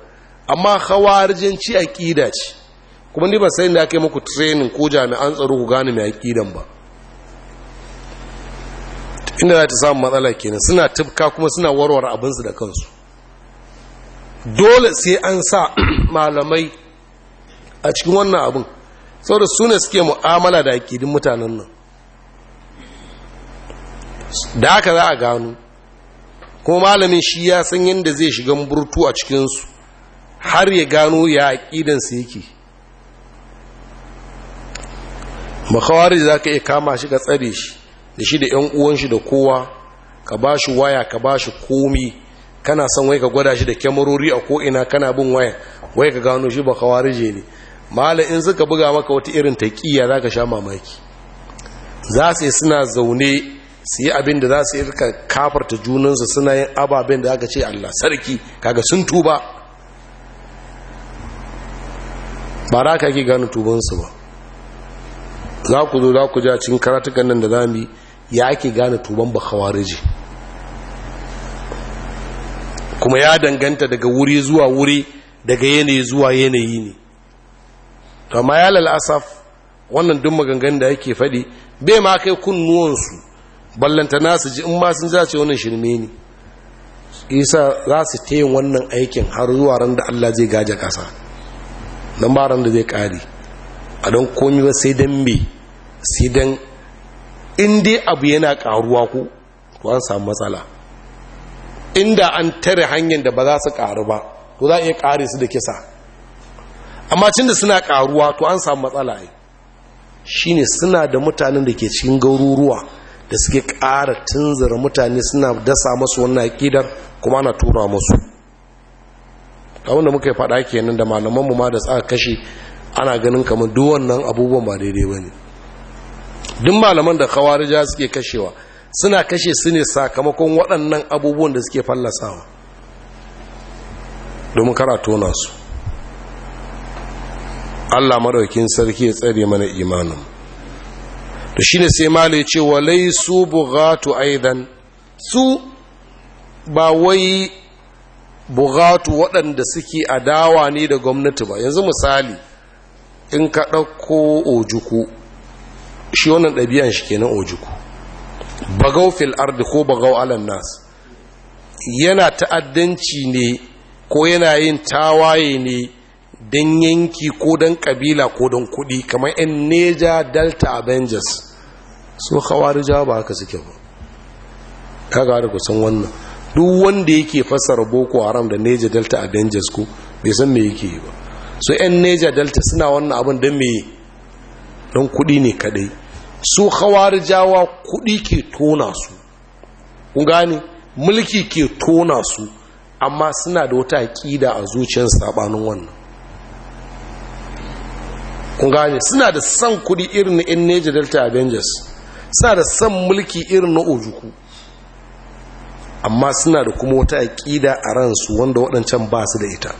amma a aƙida ce kuma ni ba sai da aka yi muku training ko jami'an tsaro ku gane mai aƙidan ba inda za ta samu matsala kenan suna tafka kuma suna warware abinsu da kansu dole sai an sa malamai a cikin wannan abin saboda su ne suke mu'amala da din mutanen nan da haka za a gano kuma malamin shi ya san yadda zai shiga burtu a cikinsu har ya gano ya aƙidansu yake makawari za ka iya kama shi ka tsare shi da shi da 'yan uwan da kowa ka ba shi waya ka ba shi komi kana son wai ka gwada shi da kyamarori a ko'ina kana bin waya wai ka gano shi ba je ne mala in suka buga maka wata irin taƙiya za ka sha mamaki za su yi suna zaune su yi abin da za su yi suka kafarta junansu suna yin ababen da aka ce allah sarki kaga sun tuba ba za ka ke gano tubansu ba za ku zo za ku ja cikin karatukan nan da za mu yi ya ke gane tuban ba je kuma ya danganta daga wuri zuwa wuri daga yanayi zuwa yanayi ne to amma ya lalasaf wannan duk maganganu da yake faɗi bai ma kai kunnuwansu ballanta nasu ji in ma sun zace wannan shirme ne isa za su ta wannan aikin har zuwa ran da allah zai gaja kasa? don ba ran da zai ƙari? a don komi ba sai don me sai don in dai abu yana ƙaruwa ko to an samu matsala inda an tare hanyar da ba za su ƙaru ba to za a iya ƙare su da kisa amma cin da suna ƙaruwa to an samu matsala yi shi ne suna da mutanen da ke cikin garuruwa da suke ƙara tunzara mutane suna dasa masu wannan aƙidar kuma ana tura masu abin da muka yi faɗa nan da malamanmu ma da tsaka kashe ana ganin kamar duk wannan abubuwan ba daidai ba ne duk malaman da kawarija suke kashewa suna kashe su ne sakamakon waɗannan abubuwan da suke fallasawa domin karatu nasu allah maɗaukin sarki ya tsare mana imanin da shi ne sai malai ce lai su bugatu aidan su ba wai bugatu waɗanda suke adawa ne da gwamnati ba yanzu misali in ka ɗauko ojuku shi wannan ɗabi'an shi kenan ojuku bagau fil ardi ko bagau alan nas yana ta'addanci ne ko yana yin tawaye ne don yanki ko don kabila ko don kudi kamar yan neja delta avengers su hawari jawa ba haka suke ba ka gada kusan wannan duk wanda yake fassara boko haram da neja delta avengers ko bai san me yake yi ba so yan neja delta suna wannan abin don mai don kudi ne kadai su khawarijawa kuɗi ke tona su kun gane mulki ke tona su amma suna da wata aƙida a zuciyar saɓanin wannan kun gane suna da san kuɗi irin na yan neja delta avengers suna da san mulki irin na ojuku amma suna da kuma wata aƙida a ransu wanda waɗancan ba su da ita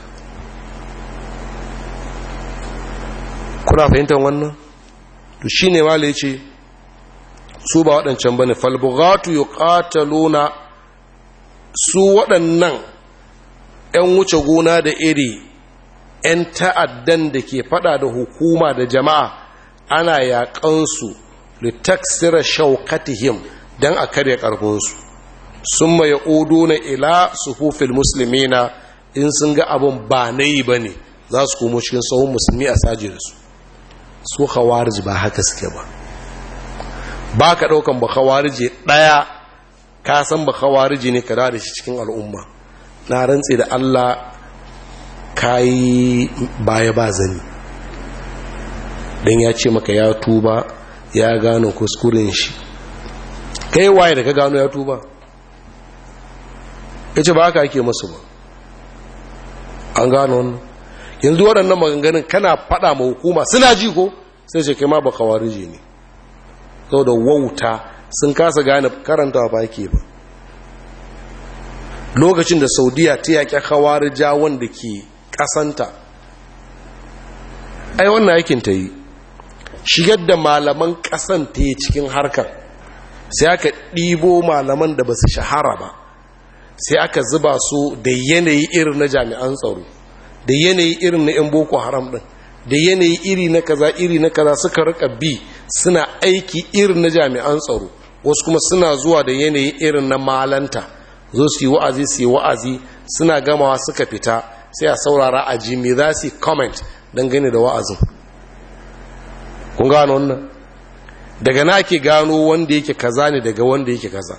kuna fahimtar wannan to shi ne wale ce su ba waɗancan ba ne falbogatu ya ƙataluna su waɗannan 'yan wuce gona da iri 'yan ta'addan da ke fada da hukuma da jama'a ana yaƙansu litaksira shaukatihim don a karya ƙarfinsu sun mai na ila sufufil musulmi na in sun ga abin ba na yi ba ne za su komo cikin tsawon musulmi a sajirinsu su khawarij ba haka suke ba ba ka ɗaukan ba khawarij ɗaya ka san ba khawarij ne ka da shi cikin al'umma na rantse da Allah kai baya ba zani dan ya ce maka ya tuba ya gano kuskuren shi kai waye da ka gano ya tuba ya ce ba haka ake musu ba an gano yanzu waɗannan maganganun kana faɗa ma hukuma suna ji ko sai ce kai ma ba kawarije ne sau da wauta sun kasa gane karanta ba ke ba lokacin da saudiya ta yaƙi kawarija wanda ke ƙasanta ai wannan aikin ta yi shigar da malaman ƙasan ta cikin harkar sai aka ɗibo malaman da ba su shahara ba sai aka zuba su da yanayi irin na jami'an tsaro da yanayi irin na 'yan boko haram ɗin da yanayi iri na kaza iri na kaza suka rika bi suna aiki irin na jami'an tsaro wasu kuma suna zuwa da yanayi irin na malanta zo su yi wa'azi su yi wa'azi suna gamawa suka fita sai a saurara a ji me za su yi comment dangane da wa'azin kun gano wannan daga na ake gano wanda yake kaza ne daga wanda yake kaza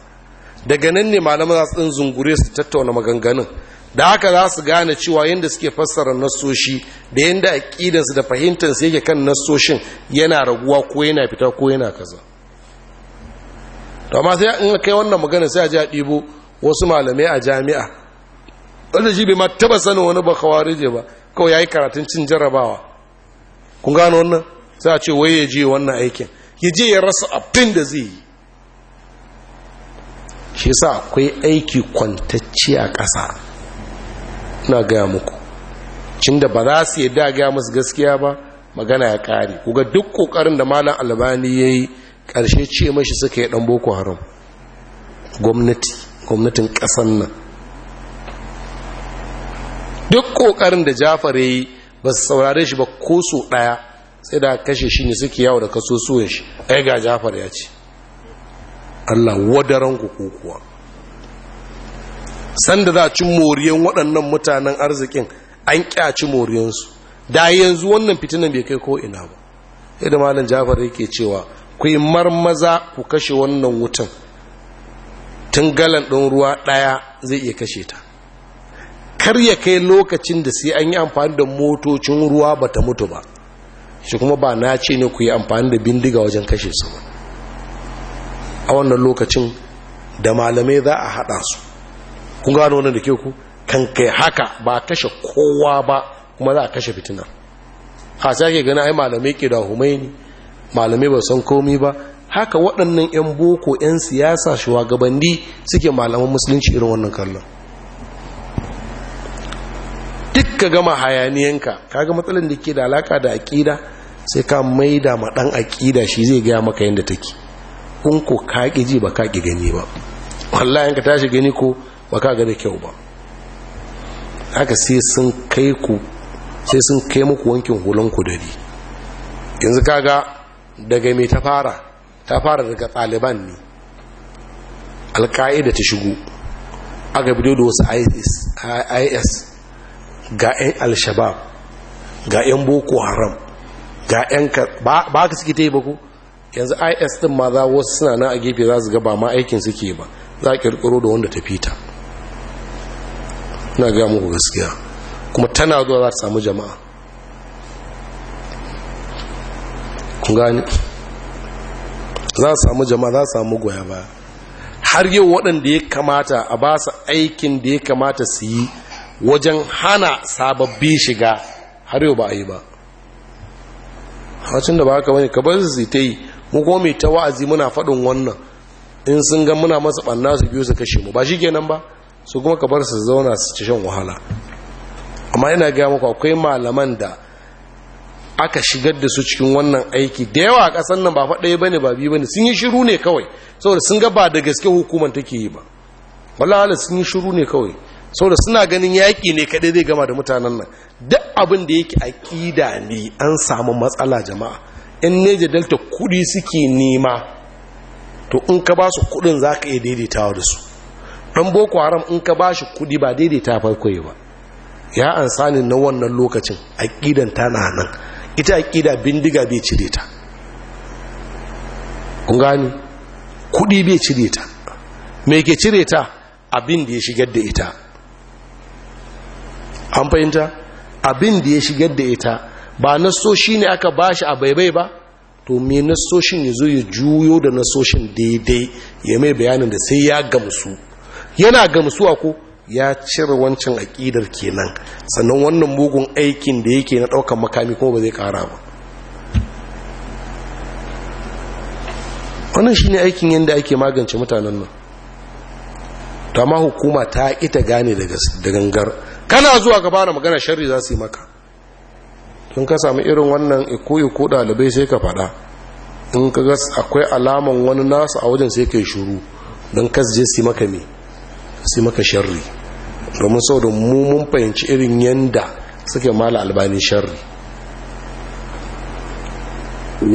daga nan ne malamar za su ɗin zungure su tattauna maganganun da haka za su gane cewa yadda suke fassara nasoshi da yadda aƙidansu da fahimtarsu yake kan nasoshin yana raguwa ko yana fita ko yana kaza amma sai in kai wannan magana sai a ji a ɗibo wasu malamai a jami'a wanda shi bai ma taba sanin wani ba je ba kawai ya yi karatun cin jarabawa. kun gano wannan sai a ce wai ya je wannan aikin ya je ya rasa abin da zai yi shi sa akwai aiki kwantacce a ƙasa na gaya muku cin da ba za su yadda gaya musu gaskiya ba magana ya ƙare kuga duk ƙoƙarin da malam albani ya yi ƙarshe ce mashi suka yi ɗan boko haram gwamnati gwamnatin ƙasan nan duk ƙoƙarin da jafar ya yi ba su saurare shi ba ko su ɗaya sai da kashe shi ne suke yawo da kaso suwan shi ai ga jafar ya ce Allah wadaran ku kuwa sanda za a ci moriyan waɗannan mutanen arzikin an kyaci moriyansu da yanzu wannan fitinan bai kai ko ina ba yadda malam jafar yake cewa ku yi marmaza ku kashe wannan wutan tun galan ɗin ruwa ɗaya zai iya kashe ta kar ya kai lokacin da sai an yi amfani da motocin ruwa ba ta mutu ba shi kuma ba na ce ne ku yi amfani da bindiga wajen kashe su ba a wannan lokacin da malamai za a haɗa su kun gano wannan da ke ku kan kai haka ba kashe kowa ba kuma za a kashe fitina a sake gani ai malamai ke da humaini malamai ba san komi ba haka waɗannan 'yan boko 'yan siyasa shugabanni suke malaman musulunci irin wannan kallon duk ka gama hayaniyanka ka ga matsalar da ke da alaka da aƙida sai ka maida ma ɗan aƙida shi zai gaya maka yadda take kun ko kaƙi ji ba kaƙi gani ba wallahi ka tashi gani ko ba ka gane kyau ba haka sai sun kai ku sai sun kai muku wankin hulunku ku dari yanzu kaga daga mai ta fara ta fara daga ɗaliban ne alka'ida ta shigo aka bido da wasu is ga 'yan al-shabab ga 'yan boko haram ga 'yan ba ka suke ta yi bako yanzu is din ma za wasu suna na a gefe za su gaba ma aikin suke ba za a kirkiro da wanda ta fita na ga muku gaskiya kuma tana zuwa za ta samu jama'a kun gani za samu jama'a za samu goya baya har yau waɗanda ya kamata a ba su aikin da ya kamata su yi wajen hana sababbi shiga har yau ba a yi ba hacin da ba haka wani ka bar su ta yi mu ta wa'azi muna faɗin wannan in sun ga muna masa ɓanna su biyu su kashe mu ba shi kenan ba su kuma ka bar su zauna su ci shan wahala amma yana gaya muku akwai malaman da aka shigar da su cikin wannan aiki da yawa a ƙasar nan ba faɗaya ba ne ba biyu ba ne sun yi shiru ne kawai saboda sun ga ba da gaske hukumar take yi ba wallahi sun yi shiru ne kawai saboda suna ganin yaƙi ne kaɗai zai gama da mutanen nan duk abin da yake aƙida ne an samu matsala jama'a in neja jadalta kuɗi suke nema to in ka ba su kuɗin za ka iya daidaitawa da su dan boko haram in ka bashi kudi kuɗi ba daidai ta farko ba ya ansani na wannan lokacin aƙidan tana nan ita aƙida bindiga bai cire ta kun gani kuɗi bai cire ta me ke cire ta abin da ya shigar da ita an fahimta abin da ya shigar da ita ba nasoshi ne aka bashi a baibai ba to me nasoshin ya zo ya juyo da nasoshin daidai ya mai bayanin da sai ya gamsu yana gamsuwa ko ya cire wancan aƙidar kenan sannan wannan mugun aikin da yake na ɗaukan makami kuma ba zai ƙara ba wannan shine aikin yadda ake magance mutanen nan ta ma hukuma ta ita gane da gangar kana zuwa gaba na magana sharri za su yi maka tun ka samu irin wannan iko-iko ɗalibai sai ka faɗa in ka gas akwai alaman wani nasu a wajen sai ka yi shuru don kas je su yi maka mai sai maka sharri domin sau da mu fahimci irin yanda suke mala albani sharri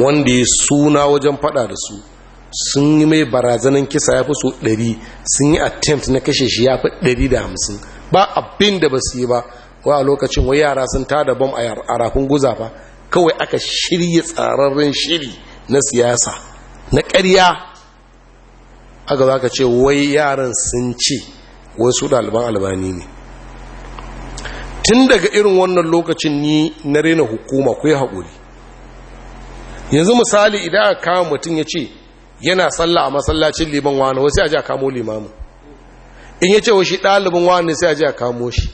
wanda ya suna wajen fada da su sun yi mai barazanan kisa ya fi so 100 sun yi attempt na kashe shi ya fi hamsin ba abin da ba su yi ba wa a lokacin wai yara sun tada bom a rafin guza ba kawai aka shirya tsararren shiri na siyasa na ƙarya aka za ka ce wai yaran sun ce Wasu su ɗaliban albani ne tun daga irin wannan lokacin ni na rena hukuma ku yi haƙuri yanzu misali idan aka kama mutum ya ce yana sallah a matsallacin liman wani wasu ya ji a kamo limamin in ya ce wa shi ɗalibin wani sai a ji a kamo shi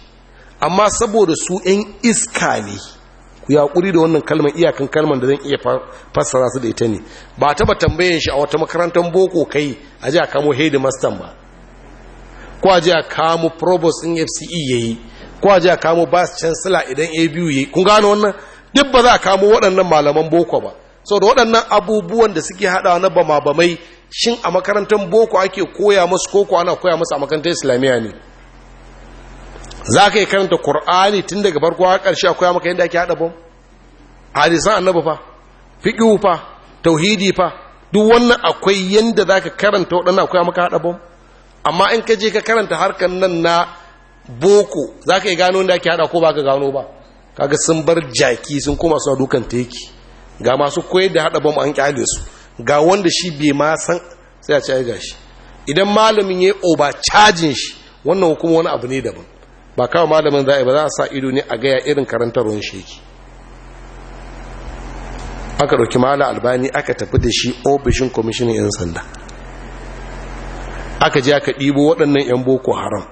amma saboda su 'yan iska ne ku yaƙuri da wannan kalmar iyakan kalmar da zan iya fassara su da ita ne ba taba tambayin shi a wata makarantar boko kai a ji a kamo Hedimastan ba ko a kamo probos ɗin fce ya yi ko a a kamo bas chancellor idan abu ya yi kun gano wannan duk ba za a kamo waɗannan malaman boko ba sau da waɗannan abubuwan da suke haɗa na bama-bamai shin a makarantar boko ake koya masu koko ana koya masu a makarantar islamiyya ne za ka yi karanta Kur'ani tun daga farko har ƙarshe a koya maka yadda ake haɗa bom hadisan annabi fa fiƙiwu fa tauhidi fa duk wannan akwai yadda za ka karanta waɗannan akwai maka haɗa bom amma in ka je ka karanta harkar nan na boko za ka yi gano da ake hada ko ba ka gano ba kaga sun bar jaki sun koma su dukan teki ga masu koyar da hada bamu an kyale su ga wanda shi bai ma san sai a ci ai gashi idan malamin yi oba cajin shi wannan hukuma wani abu ne daban ba kawai malamin za a ba za a sa ido ne a gaya irin karantarwar shi yake aka ɗauki mala albani aka tafi da shi ofishin kwamishinan 'yan sanda aka je aka ɗibo waɗannan 'yan boko haram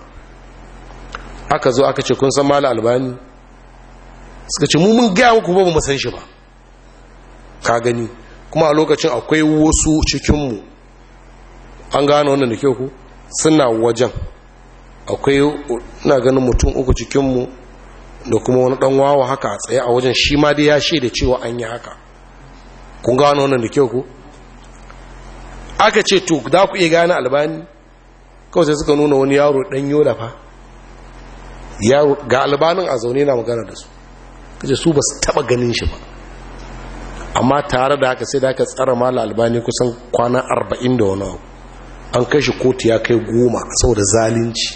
aka zo aka ce kun san mala albani suka ce mu mun gaya muku ba mu san shi ba ka gani kuma a lokacin akwai wasu cikinmu an gane wannan da ke ku suna wajen akwai na ganin mutum uku cikinmu da kuma wani ɗan wawa haka a tsaye a wajen shi ma dai ya shaida cewa an yi haka kun gano wannan da ke ku aka ce to za ku iya gane albani kawai sai suka nuna wani yaro dan yola fa yaro ga albanin a zaune na magana da su kace su ba su taba ganin shi ba amma tare da haka sai da aka tsara mala albani kusan kwana arba'in da wani abu an kai shi kotu ya kai goma saboda zalunci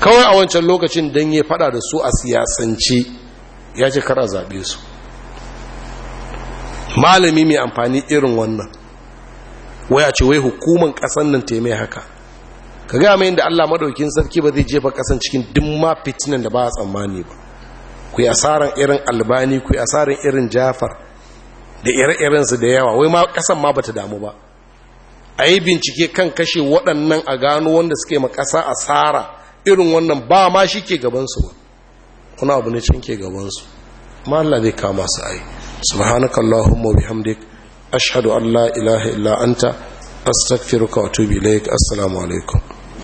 kawai a wancan lokacin don ya fada da su a siyasance ya ce kara zaɓe su malami mai amfani irin wannan waya ce wai hukuman kasan nan taimai haka ka gama mai da allah maɗaukin sarki ba zai jefa kasan cikin ma fitinan da ba a tsammani ba ku yi asaran irin albani ku yi asaran irin jafar da ire su da yawa wai ma kasan ma bata damu ba a yi bincike kan kashe waɗannan a gano wanda suke ma ƙasa asara irin wannan ba ma shi ke gabansu ba kuna abu ne can ke gabansu ma Allah zai kama su ai subhanakallahumma bihamdika ashhadu allah la ilaha illa anta astaghfiruka wa atubu ilaik assalamu alaikum